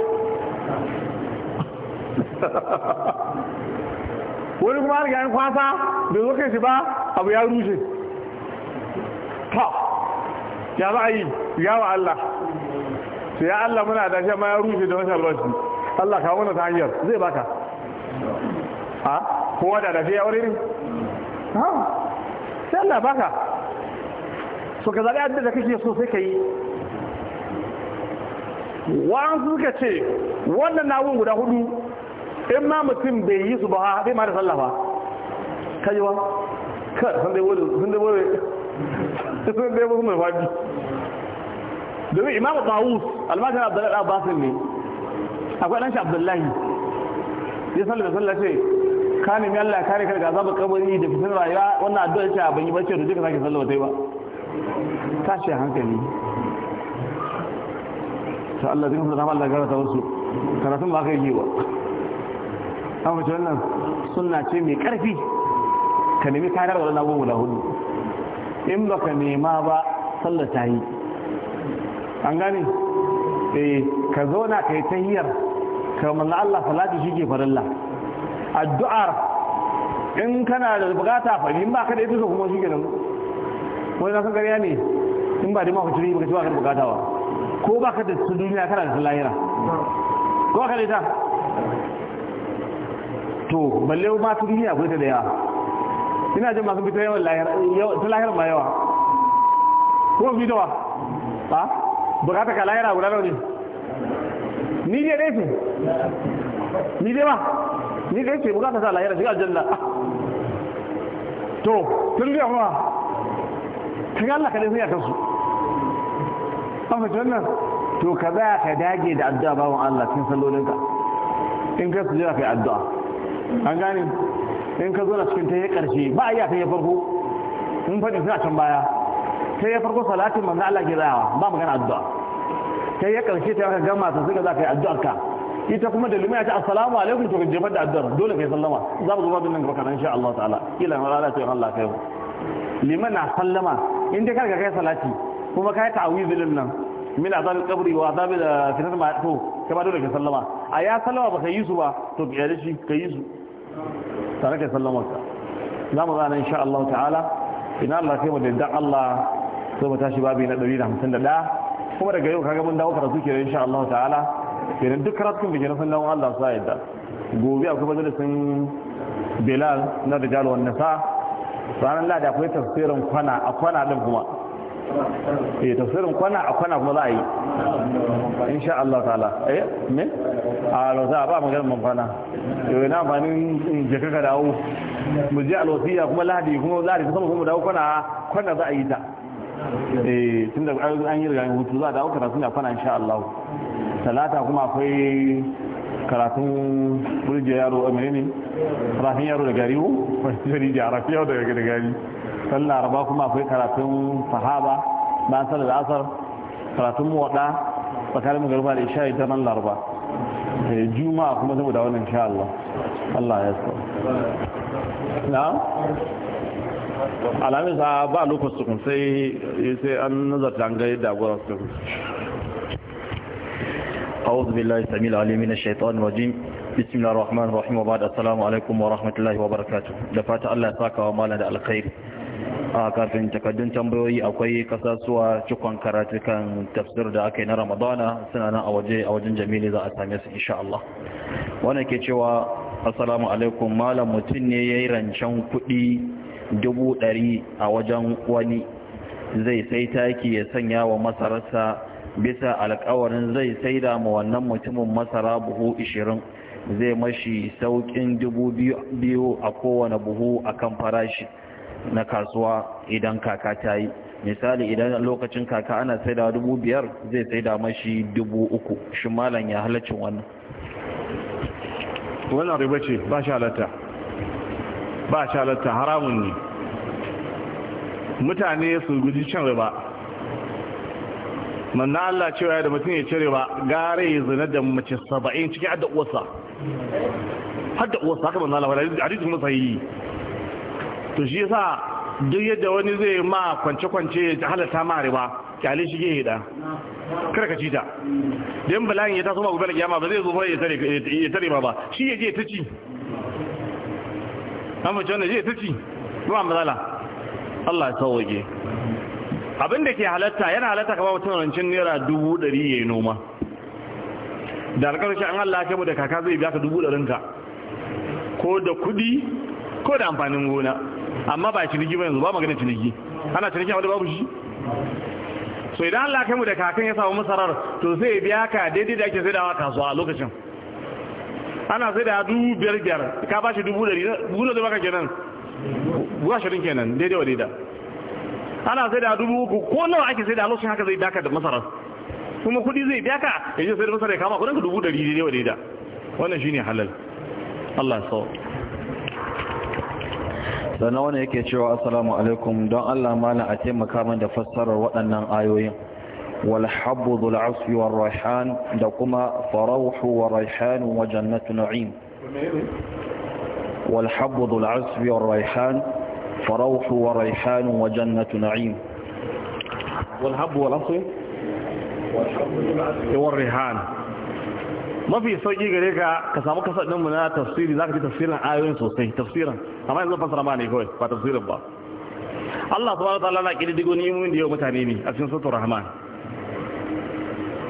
wani kuma har gani kwasa bai zo kai shi ba abu ya rushe ta ya za a yi yawa Allah sai ya Allah muna shi ma ya rushe da wasu albashi Allah kawo na ta hanyar zai baka a kowa da rafi ya wurin ha sai Allah baka so ka zaɓi abin da kake so sai ka yi wa'an suka ce wannan wun guda hudu in ma mutum bai yi su ba ha bai ma da sallah ba wa? Ka, sun dai wuri sun dai wuri sun dai wuri mai fadi domin imamu tawus almajin abdullahi abbasin ne akwai shi abdullahi ya sallah da sallah ce ka nemi Allah ya kare ka daga azabar kabari da fitar rayuwa wannan addu'a ce ah, ban yi bace da duka sake sallah ba tashi hankali to Allah zai kuma Allah gara ta wasu karatun ba ka yi wa an wace wannan sunna ce mai karfi ka nemi kayar da wannan da hudu in ba ka nema ba sallah ta yi an gane eh ka zauna ka yi tahiyar kamar Allah salati shi ke farilla addu'ar in kana da bukata fa in baka da ita so kuma shikenan wani nasan ƙarya ne in ba da maka ciri baka ci baka da bukata ba ko baka da su duniya kana da su lahira ko baka da ita to balle ma su duniya akwai ta da yawa ina jin masu fitar yawan ta lahira ma yawa ko fi da wa ba bukata ka lahira guda ne ni dai dai ce ni dai ba ni kai ce bukata ta lahira shiga aljanna to tun biya kuma ga Allah kaɗai sun yakan kansu an fahimci wannan to ka za ka dage da addu'a bawon Allah lolin ka in ka su jira kai addu'a an gane in ka zo na cikin ta karshe ƙarshe ba a yi ta yi farko in faɗi suna can baya ta yi farko salatin manzo Allah ke tsayawa ba magana addu'a ta yi ƙarshe ta yi gama ta suka za ka yi addu'ar ka ita kuma da limai ta assalamu alaikum to jefa da addar dole kai sallama za mu zo babin nan gaba kana insha Allah ta'ala kila ma Allah ta Allah kai liman na sallama in dai karka kai salati kuma kai ta'awizilin nan min azab al-qabri wa azab al-fitnat eh, ma to kai ba dole kai sallama a ya sallama ba kai yusu ba to kai da shi kai yusu tare kai sallama ka za mu zana insha Allah ta'ala ina Allah kai mu da dan Allah sai mu tashi babi na 151 kuma daga yau kaga mun dawo karatu kenan insha Allah ta'ala kenan duk karatun da kenan sannan Allah sa yadda gobe akwai majalisin Bilal na Rijal wa Nasa ranar lada akwai tafsirin kwana a kwana din kuma eh tafsirin kwana a kwana kuma za a yi insha Allah ta'ala eh me a lauta ba maganar man kwana yau na amfanin jaka ka dawo mu je alwasiya kuma Lahadi, kuma Lahadi ta sama kuma dawo kwana kwana za a yi ta eh tun da an yi rigayen hutu za a dawo karatu na kwana insha Allah talata kuma akwai karatun burje yaro a eh, menene rafin yaro da gari wani da rafin yaro daga gari sannan laraba kuma akwai karatun sahaba bayan sallar da asar karatun muwaɗa tsakanin magarba da isha ita nan laraba eh, juma kuma zama da wannan insha Allah Allah ya sa na alamisa ah, ba lokacin sai sai an nazarta an gari da gwara su أعوذ بالله السميع العليم من الشيطان الرجيم بسم الله الرحمن الرحيم وبعد السلام عليكم ورحمة الله وبركاته دفعت الله ساكا ومالا دا الخير kafin takaddun tambayoyi akwai kasasuwa cikon karatukan tafsir da aka yi na ramadana suna nan a waje a wajen jamili za a same su insha Allah wannan ke cewa assalamu alaikum malam mutum ne yayi rancen kuɗi dubu ɗari a wajen wani zai sai taki ya sanya wa masararsa bisa alkawarin zai saida ma wannan mutumin masara buhu 20 zai mashi saukin biyu a kowane buhu akan farashi na kasuwa idan kaka ta yi misali idan lokacin kaka ana saida biyar zai saida mashi uku, shi malam ya halaccin wannan wannan riba ce ba shi halatta ba shi halatta haramun ne mutane su guji cin riba manna Allah cewa da mutum ya cire ba gare ya zina da mace saba'in cikin hadda uwarsa hadda uwarsa haka manna Allah a hadisin masa yi to shi yasa duk yadda wani zai ma kwance-kwance ya halatta ma riba kyale shi gehe da kar ka ci ta dan bala'in ya taso ma gobe da kiyama ba zai zo ba ya tare ya tare ma ba shi ya je ta ci amma cewa je ta ci ba mazala Allah ya sauke abin da ke halatta yana halatta ka ba mutum rancin naira dubu ɗari ya yi noma da alƙarshe an Allah ke mu da kaka zai biya ka dubu ɗarinka ko da kuɗi ko da amfanin gona amma ba ciniki ba yanzu ba magana ciniki ana ciniki wadda da babu shi so idan Allah ke mu da kakan ya samu masarar to sai biya ka daidai da ake da kasuwa a lokacin ana sai da dubu biyar biyar ka ba shi dubu ɗari dubu ɗari baka kenan buwa shirin kenan daidai wa daidai ana sai da dubu uku ko nawa ake sai da lokacin haka zai daka da masarar kuma kudi zai daka ya je sai da masarar ya kama kudin ka dubu dari daidai wa daida wannan shine halal Allah ya sau sannan wani yake cewa assalamu alaikum don Allah malam a taimaka min da fassarar waɗannan ayoyin wal habbu dhul asfi war rayhan da kuma farawhu war rayhan wa jannatu na'im wal habbu dhul asfi war rayhan فروح وريحان وجنة نعيم والهب والأصل والرهان mafi في gare ka ka samu من ɗinmu na تفسير za ka تفسيرا tafsirin ayoyin sosai tafsirin amma yanzu fasara kawai ba tafsirin ba Allah subhanahu wa ta'ala na kididdigo ni'imomin da yau mutane ne a cikin suratul rahman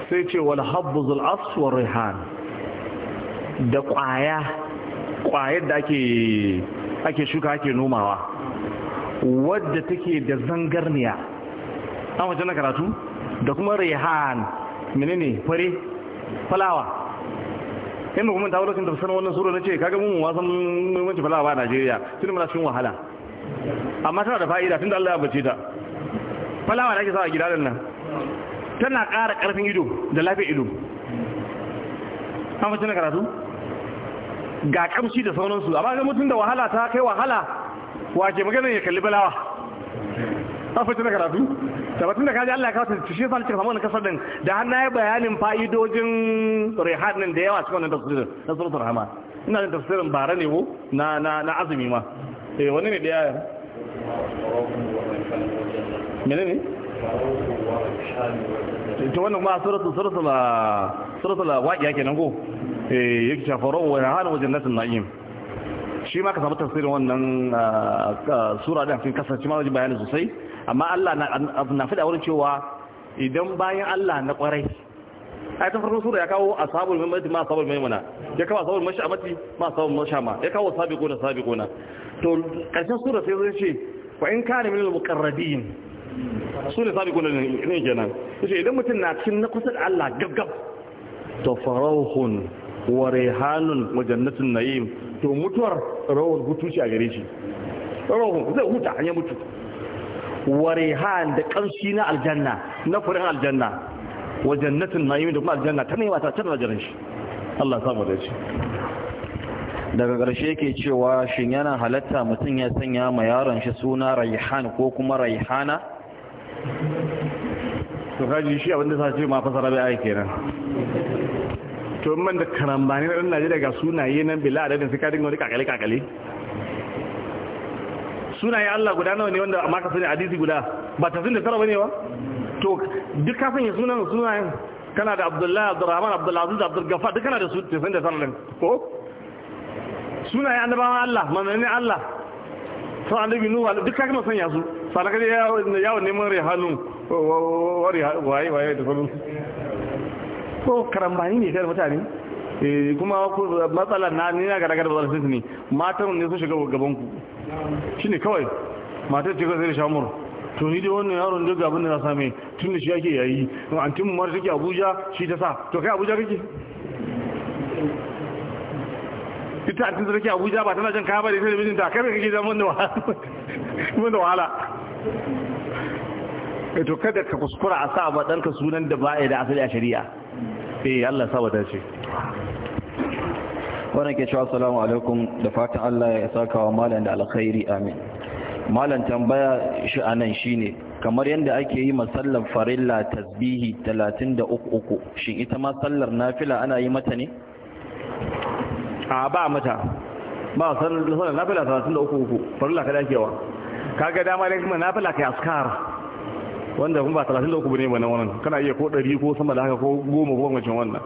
sai ce wal habbuzul asf war rihan da kwaya kwayar da ake ake shuka ake nomawa wadda take da zangarniya an wajen na karatu da kuma rehan menene fari? falawa in da kuma ta da sanar wannan na ce, kaga mun wasan muhimmanci falawa a Najeriya tun muna cikin wahala amma tana da fa'ida da Allah ya bace ta falawa da ake sa gida nan tana ƙara ƙarfin ido da lafiyar ido an wajen na karatu ga kamshi da sauransu amma ga mutum da wahala ta kai wahala wa ke magana ya kalli balawa ta fita na karatu tabbatun da kaji Allah ya kawo ta shi yasa nake samu kasar din da har nayi bayanin fa'idojin rihad nan da yawa cikin wannan tafsirin na suratul rahman ina da tafsirin bara ne ko na na na azumi ma eh wani ne da yaya ne? ta wannan ma suratul suratul la waqiya kenan ko eh yake shafa rawu wa hanu jannatin na'im shi ma ka samu tafsirin wannan ah, ah, sura da cikin kasance ma wajen bayani sosai amma Allah na fi da wurin cewa idan bayan Allah na kwarai a ta farko sura ya kawo ashabul maimati ma ashabul maimuna ya kawo ashabul mashamati ma ashabul mashama ya kawo sabiquna sabiquna to karshen sura sai zai ce wa in kana minal muqarrabin su ne sabiquna ne kenan yace idan mutum na cikin na kusa da Allah gaggab to farahun wa rihanun wa jannatun na'im to mutuwar rawar gutu ce a gare shi rawar zai huta an yi mutu ware han da kanshi na aljanna na furin aljanna wa jannatin na'im da kuma aljanna ta nema ta tana jiran shi Allah ya samu da shi daga ƙarshe yake cewa shin yana halatta mutum ya sanya ma yaron shi suna raihan ko kuma raihana to kaji shi abinda sa ce ma fasara bai ai kenan to man da karambani na ɗan najeriya ga sunaye nan bila adadin su kadin wani kakale kakale sunaye allah guda nawa ne wanda amma ka sani hadisi guda ba ta sun da tara bane ba to duk ka sanya sunan sunayen kana da abdullahi abdurrahman abdulaziz abdulgafa duk kana da su ta sun da tara ko sunaye annabawan allah manzanni allah sau annabi nuhu duk ka kama sanya su sanaka yawon neman rehanu waye waye da sauransu ko karambani ne kai mutane eh, kuma matsalar na nina ga ragar bazar sun ne matan ne sun shiga gaban ku ne kawai matar ce zai muru to ni dai wannan yaron duk abin da na same tun da shi yake yayi antin mu mar take Abuja shi ta sa to kai Abuja kake ita antin da take Abuja ba tana jan kaya ba da ita da mijinta kai kake zaman da wahala mun da wahala eh, to kada ka kuskura a sa ba danka sunan da ba da asali a shari'a eh Allah sa wadace wannan ke cewa salamu alaikum da fatan Allah ya saka wa malam da alkhairi amin malam tambaya shi anan shine kamar yadda ake yi masallar farilla tasbihi 33 shin ita ma sallar nafila ana yi mata ne a ba mata ba sallar nafila 33 farilla kada kewa kaga dama da kuma nafila kai askar wanda kuma ba talatin da ne bane wannan kana iya ko 100 ko sama da haka ko goma ko wancan wannan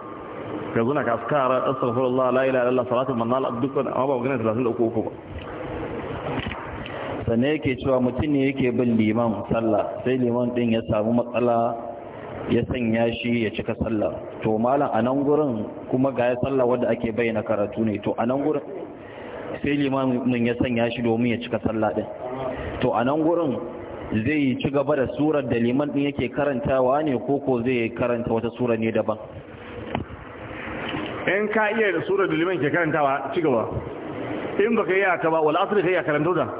ka zuna ka askara astaghfirullah la ilaha illallah salatu manal abdukan amma ba talatin da uku ko ba sanne yake cewa mutum ne yake bin liman sallah sai liman din ya samu matsala ya sanya shi ya cika sallah to malam a nan gurin kuma ga ya sallah wanda ake bayyana karatu ne to a nan gurin sai din ya sanya shi domin ya cika sallah din to a nan gurin zai ci gaba da surar da liman din yake karantawa ne ko ko zai karanta wata sura ne daban in ka iya da surar da liman ke karantawa ci gaba in baka yi aka ba wal ka kai a karanta da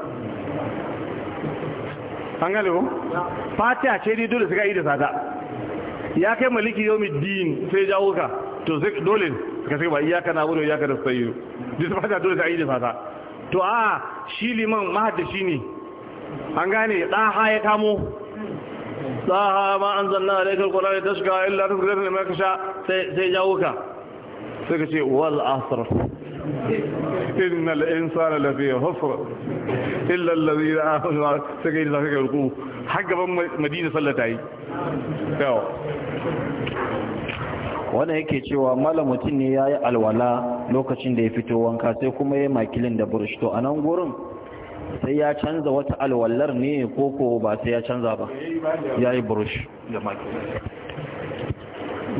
an gane ko fatiha ce dai dole su ka yi da sata ya kai maliki din sai jawo ka to sai dole ka sai ba iyaka na bude iyaka da sayi duk fatiha dole sai yi da sata to a shi liman mahaddashi ne an gane ɗaha ya kamo ɗaha ma an zanna da ikar kwanar ta shiga illa ta fukular ne mai kasha sai jawo ka sai ka ce wal asr inna al'insana lafi ya hafar illa lalazi da aka sai ka yi zafi ka ruku har gaban madina sallata yi yawa wannan yake cewa malam mutum ne ya yi alwala lokacin da ya fito wanka sai kuma ya makilin da burush to a nan gurin sai ya canza wata alwallar ne ko ko ba sai ya canza ba ya yi burush da maki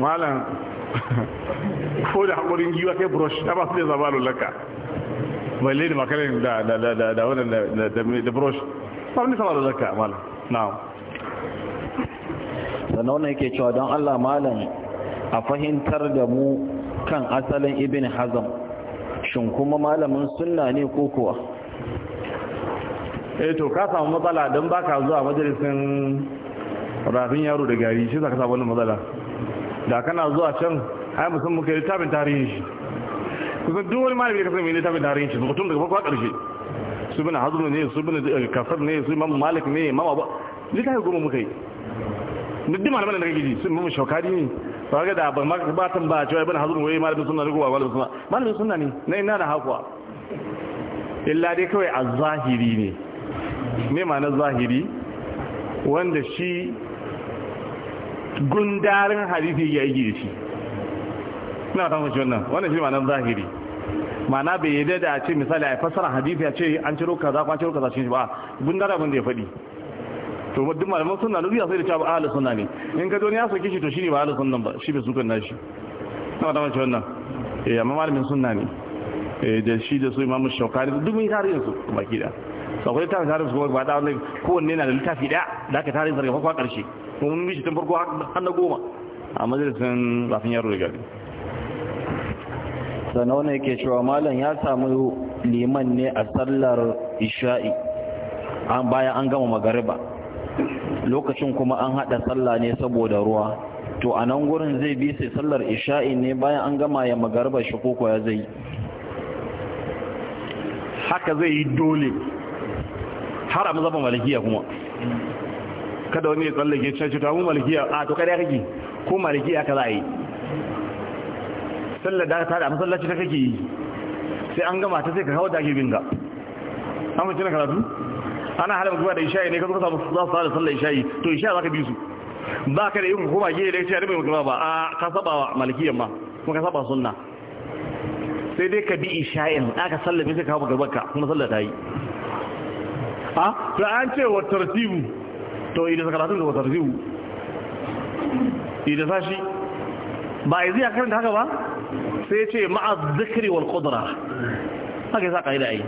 malam ko da haƙorin giwa kai burush ta ba su zai zaba lullaka balle da makalin da da da da da burush ba wani sama lullaka malam na sannan wannan yake cewa don allah malam a fahimtar da mu kan asalin ibn hazam shin kuma malamin suna ne ko kuwa eh to ka samu matsala don baka zuwa majalisin rafin yaro da gari shi za ka samu wani matsala da kana zuwa can ai musamman muka yi littafin tarihin shi kusan duk wani malami da kasar mai littafin tarihin shi mutum daga farko a ƙarshe su bina hazu ne su bina kasar ne su mamu malik ne mamu abu littafin goma muka yi duk da malaman da gidi su mamu shaukari ne ba ga da ba ma ba tan ba cewa ibn hazuru wai malamin sunna ne ko malamin sunna malamin sunna ne na ina da hakuwa illa dai kawai a zahiri ne me ma'ana zahiri wanda shi gundarin hadisi ya yi gida shi ina ta fashe wannan wanda shi ma'anar zahiri ma'ana bai yadda da a ce misali a fassara hadisi a ce an ciro kaza ko an ciro kaza shi ba gundar abin da ya faɗi to duk malaman sunna duniya sai da cewa ala suna ne in ka ya soke shi to shi ne ba ala suna ba shi bai sukan nashi ina ta fashe wannan eh amma malamin sunna ne eh, da shi da su imamu shaukani duk mun kare su baki da ba ku littafin su ba da wani kowanne na da littafi ɗaya da aka tarihin farko a ƙarshe kuma mun bishi tun farko har na goma a majalisun zafin yaro da gari sanau ne ke cewa malam ya samu liman ne a sallar isha'i bayan an gama magariba lokacin kuma an haɗa tsalla ne saboda ruwa to a nan gurin zai bi sai sallar isha'i ne bayan an gama ya magariba shi koko ya zai haka zai yi dole har a mazaba malikiya kuma kada wani ya tsallake canci ta mu malikiya a to kada kake ko malikiya ka za a yi sallar da ta da masallaci ta kake yi sai an gama ta sai ka hau da ake binga an mutu na karatu ana halin mutuwa da isha'i ne ka zuwa samu za su fara sallar isha'i to isha za ka bi su ba ka da yin hukuma gini da ya ce mutuwa ba a ka saba wa malikiyan ma kuma ka saba sunna sai dai ka bi isha'in aka sallabe sai ka hawa gabanka kuma sallar ta yi ha to an ce wa tartibu to idan karatu da wa tartibu idan sashi ba yanzu ya karanta haka ba sai ce ma'a zikri wal qudra haka yasa kaida ai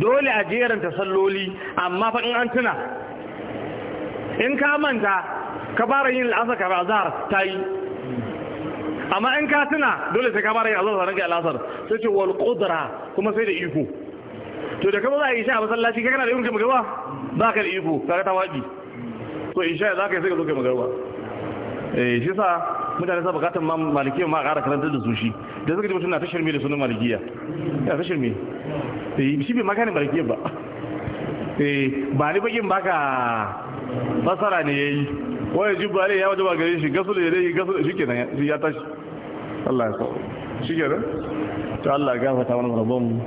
dole a jeranta salloli amma fa in an tuna in ka manta ka fara yin al'asar ka azhar ta amma in ka tuna dole sai ka fara yin azhar ka al'asar sai ce wal qudra kuma sai da iko to da kuma za a yi sha a masallaci ka kana da yunkin kai magarba ba ka da iko ka ta tawaki to in sha za ka yi sai ka zo kai magarba eh shi sa mutane sa bukatun ma malikiya ma ƙara karanta da su shi da suka ji mutum na ta shirme da sunan malikiya ya ta shirme eh shi bai ma gane malikiya ba eh ba ni bakin baka fasara ne yayi wani ne ya wajaba gare shi gasu da dai gasu da shi kenan shi ya tashi Allah ya sa shi kenan to Allah ya gafarta mana rabon mu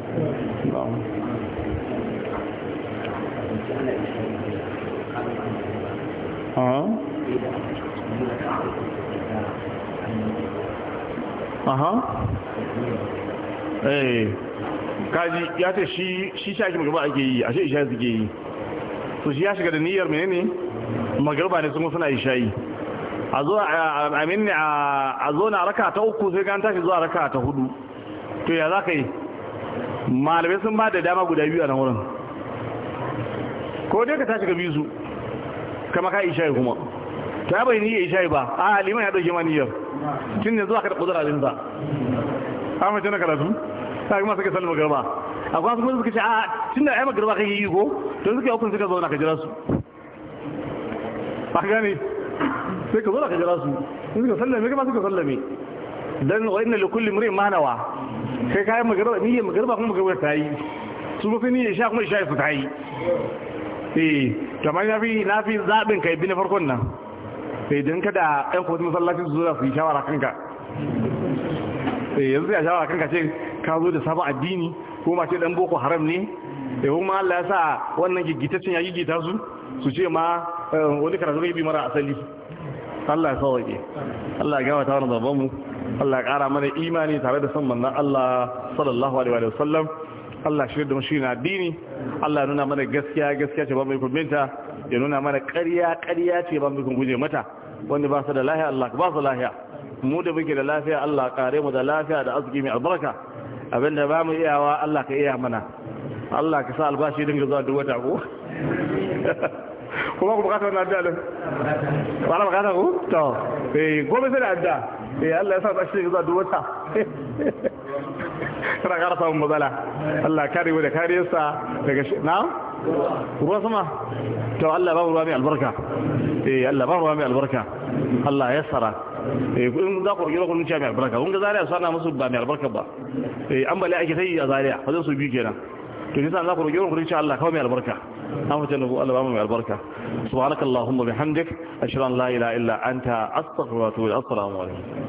Uh-huh. Eh, kaji ya ce shi shi shaki magarba ake yi a shi isha suke yi to shi ya shiga da niyyar menene magarba ne sun suna isha yi a zo a zo na raka ta uku sai gan tashi zuwa raka ta hudu to ya za ka yi malamai sun ba da dama guda biyu a nan wurin ko dai ka tashi ka bi su kama ka isha'i kuma ta bai niyya isha'i ba a halima ya dauke ma niyyar tun yanzu aka da kudura dinsa a mace na karatu ta kuma suka salma garba akwai kuma suka ce a tun da ayyama garba kan yi ko to suka yi hukun suka zauna ka jira su ba gane sai ka zauna ka jira su suka sallame kama suka sallame dan wa inna li kulli imrin manawa nawa kai kayan magarba niyyar magarba kuma magarba ta yi su ba sai niyyar isha kuma isha su ta yi eh kamar yafi na fi zaɓin ka ibi na farkon nan sai eh, don ka da ɗan kotu masallaci su zuwa su yi shawara kanka sai eh, yanzu ya shawara kanka ce ka zo da sabon addini ko ma ce ɗan boko haram ne da eh, kuma Allah ya sa wannan gigitacin ya gigita su su ce ma wani karatu ne bi mara asali Allah ya ke, Allah ya ta wani babanmu Allah ya ƙara mana imani tare da san manzon Allah sallallahu alaihi wa sallam Allah shirya da mashi na addini Allah nuna mana gaskiya gaskiya ce ba mai kuminta ya nuna mana ƙarya ƙarya ce ba mai kumbuje mata wanda ba su da lahiya Allah ba su lahiya mu da muke da lafiya Allah kare mu da lafiya da arziki mai albarka abinda ba mu iyawa Allah ka iya mana Allah ka sa albashi dinga zuwa duk wata ko kuma ku bukata wannan addu'a din ba na bukata ku to eh gobe sai da addu'a eh Allah ya sa albashi dinga zuwa duk wata kana ƙara samun matsala Allah kare mu da sa daga shi na ruwa sama to Allah ba ruwa mai albarka eh Allah ba ruwa mai albarka Allah ya sara eh in za ku rige ku nuciya mai albarka kun ga zariya sana musu ba mai albarka ba eh an bale ake sai a zariya wajen su biyu kenan to ni nisa za ku rige ku nuciya Allah kawai mai albarka an fice nugu Allah ba mai albarka subhanakallahumma bihamdik ashhadu an la ilaha illa anta astaghfiruka wa atubu ilaik assalamu alaikum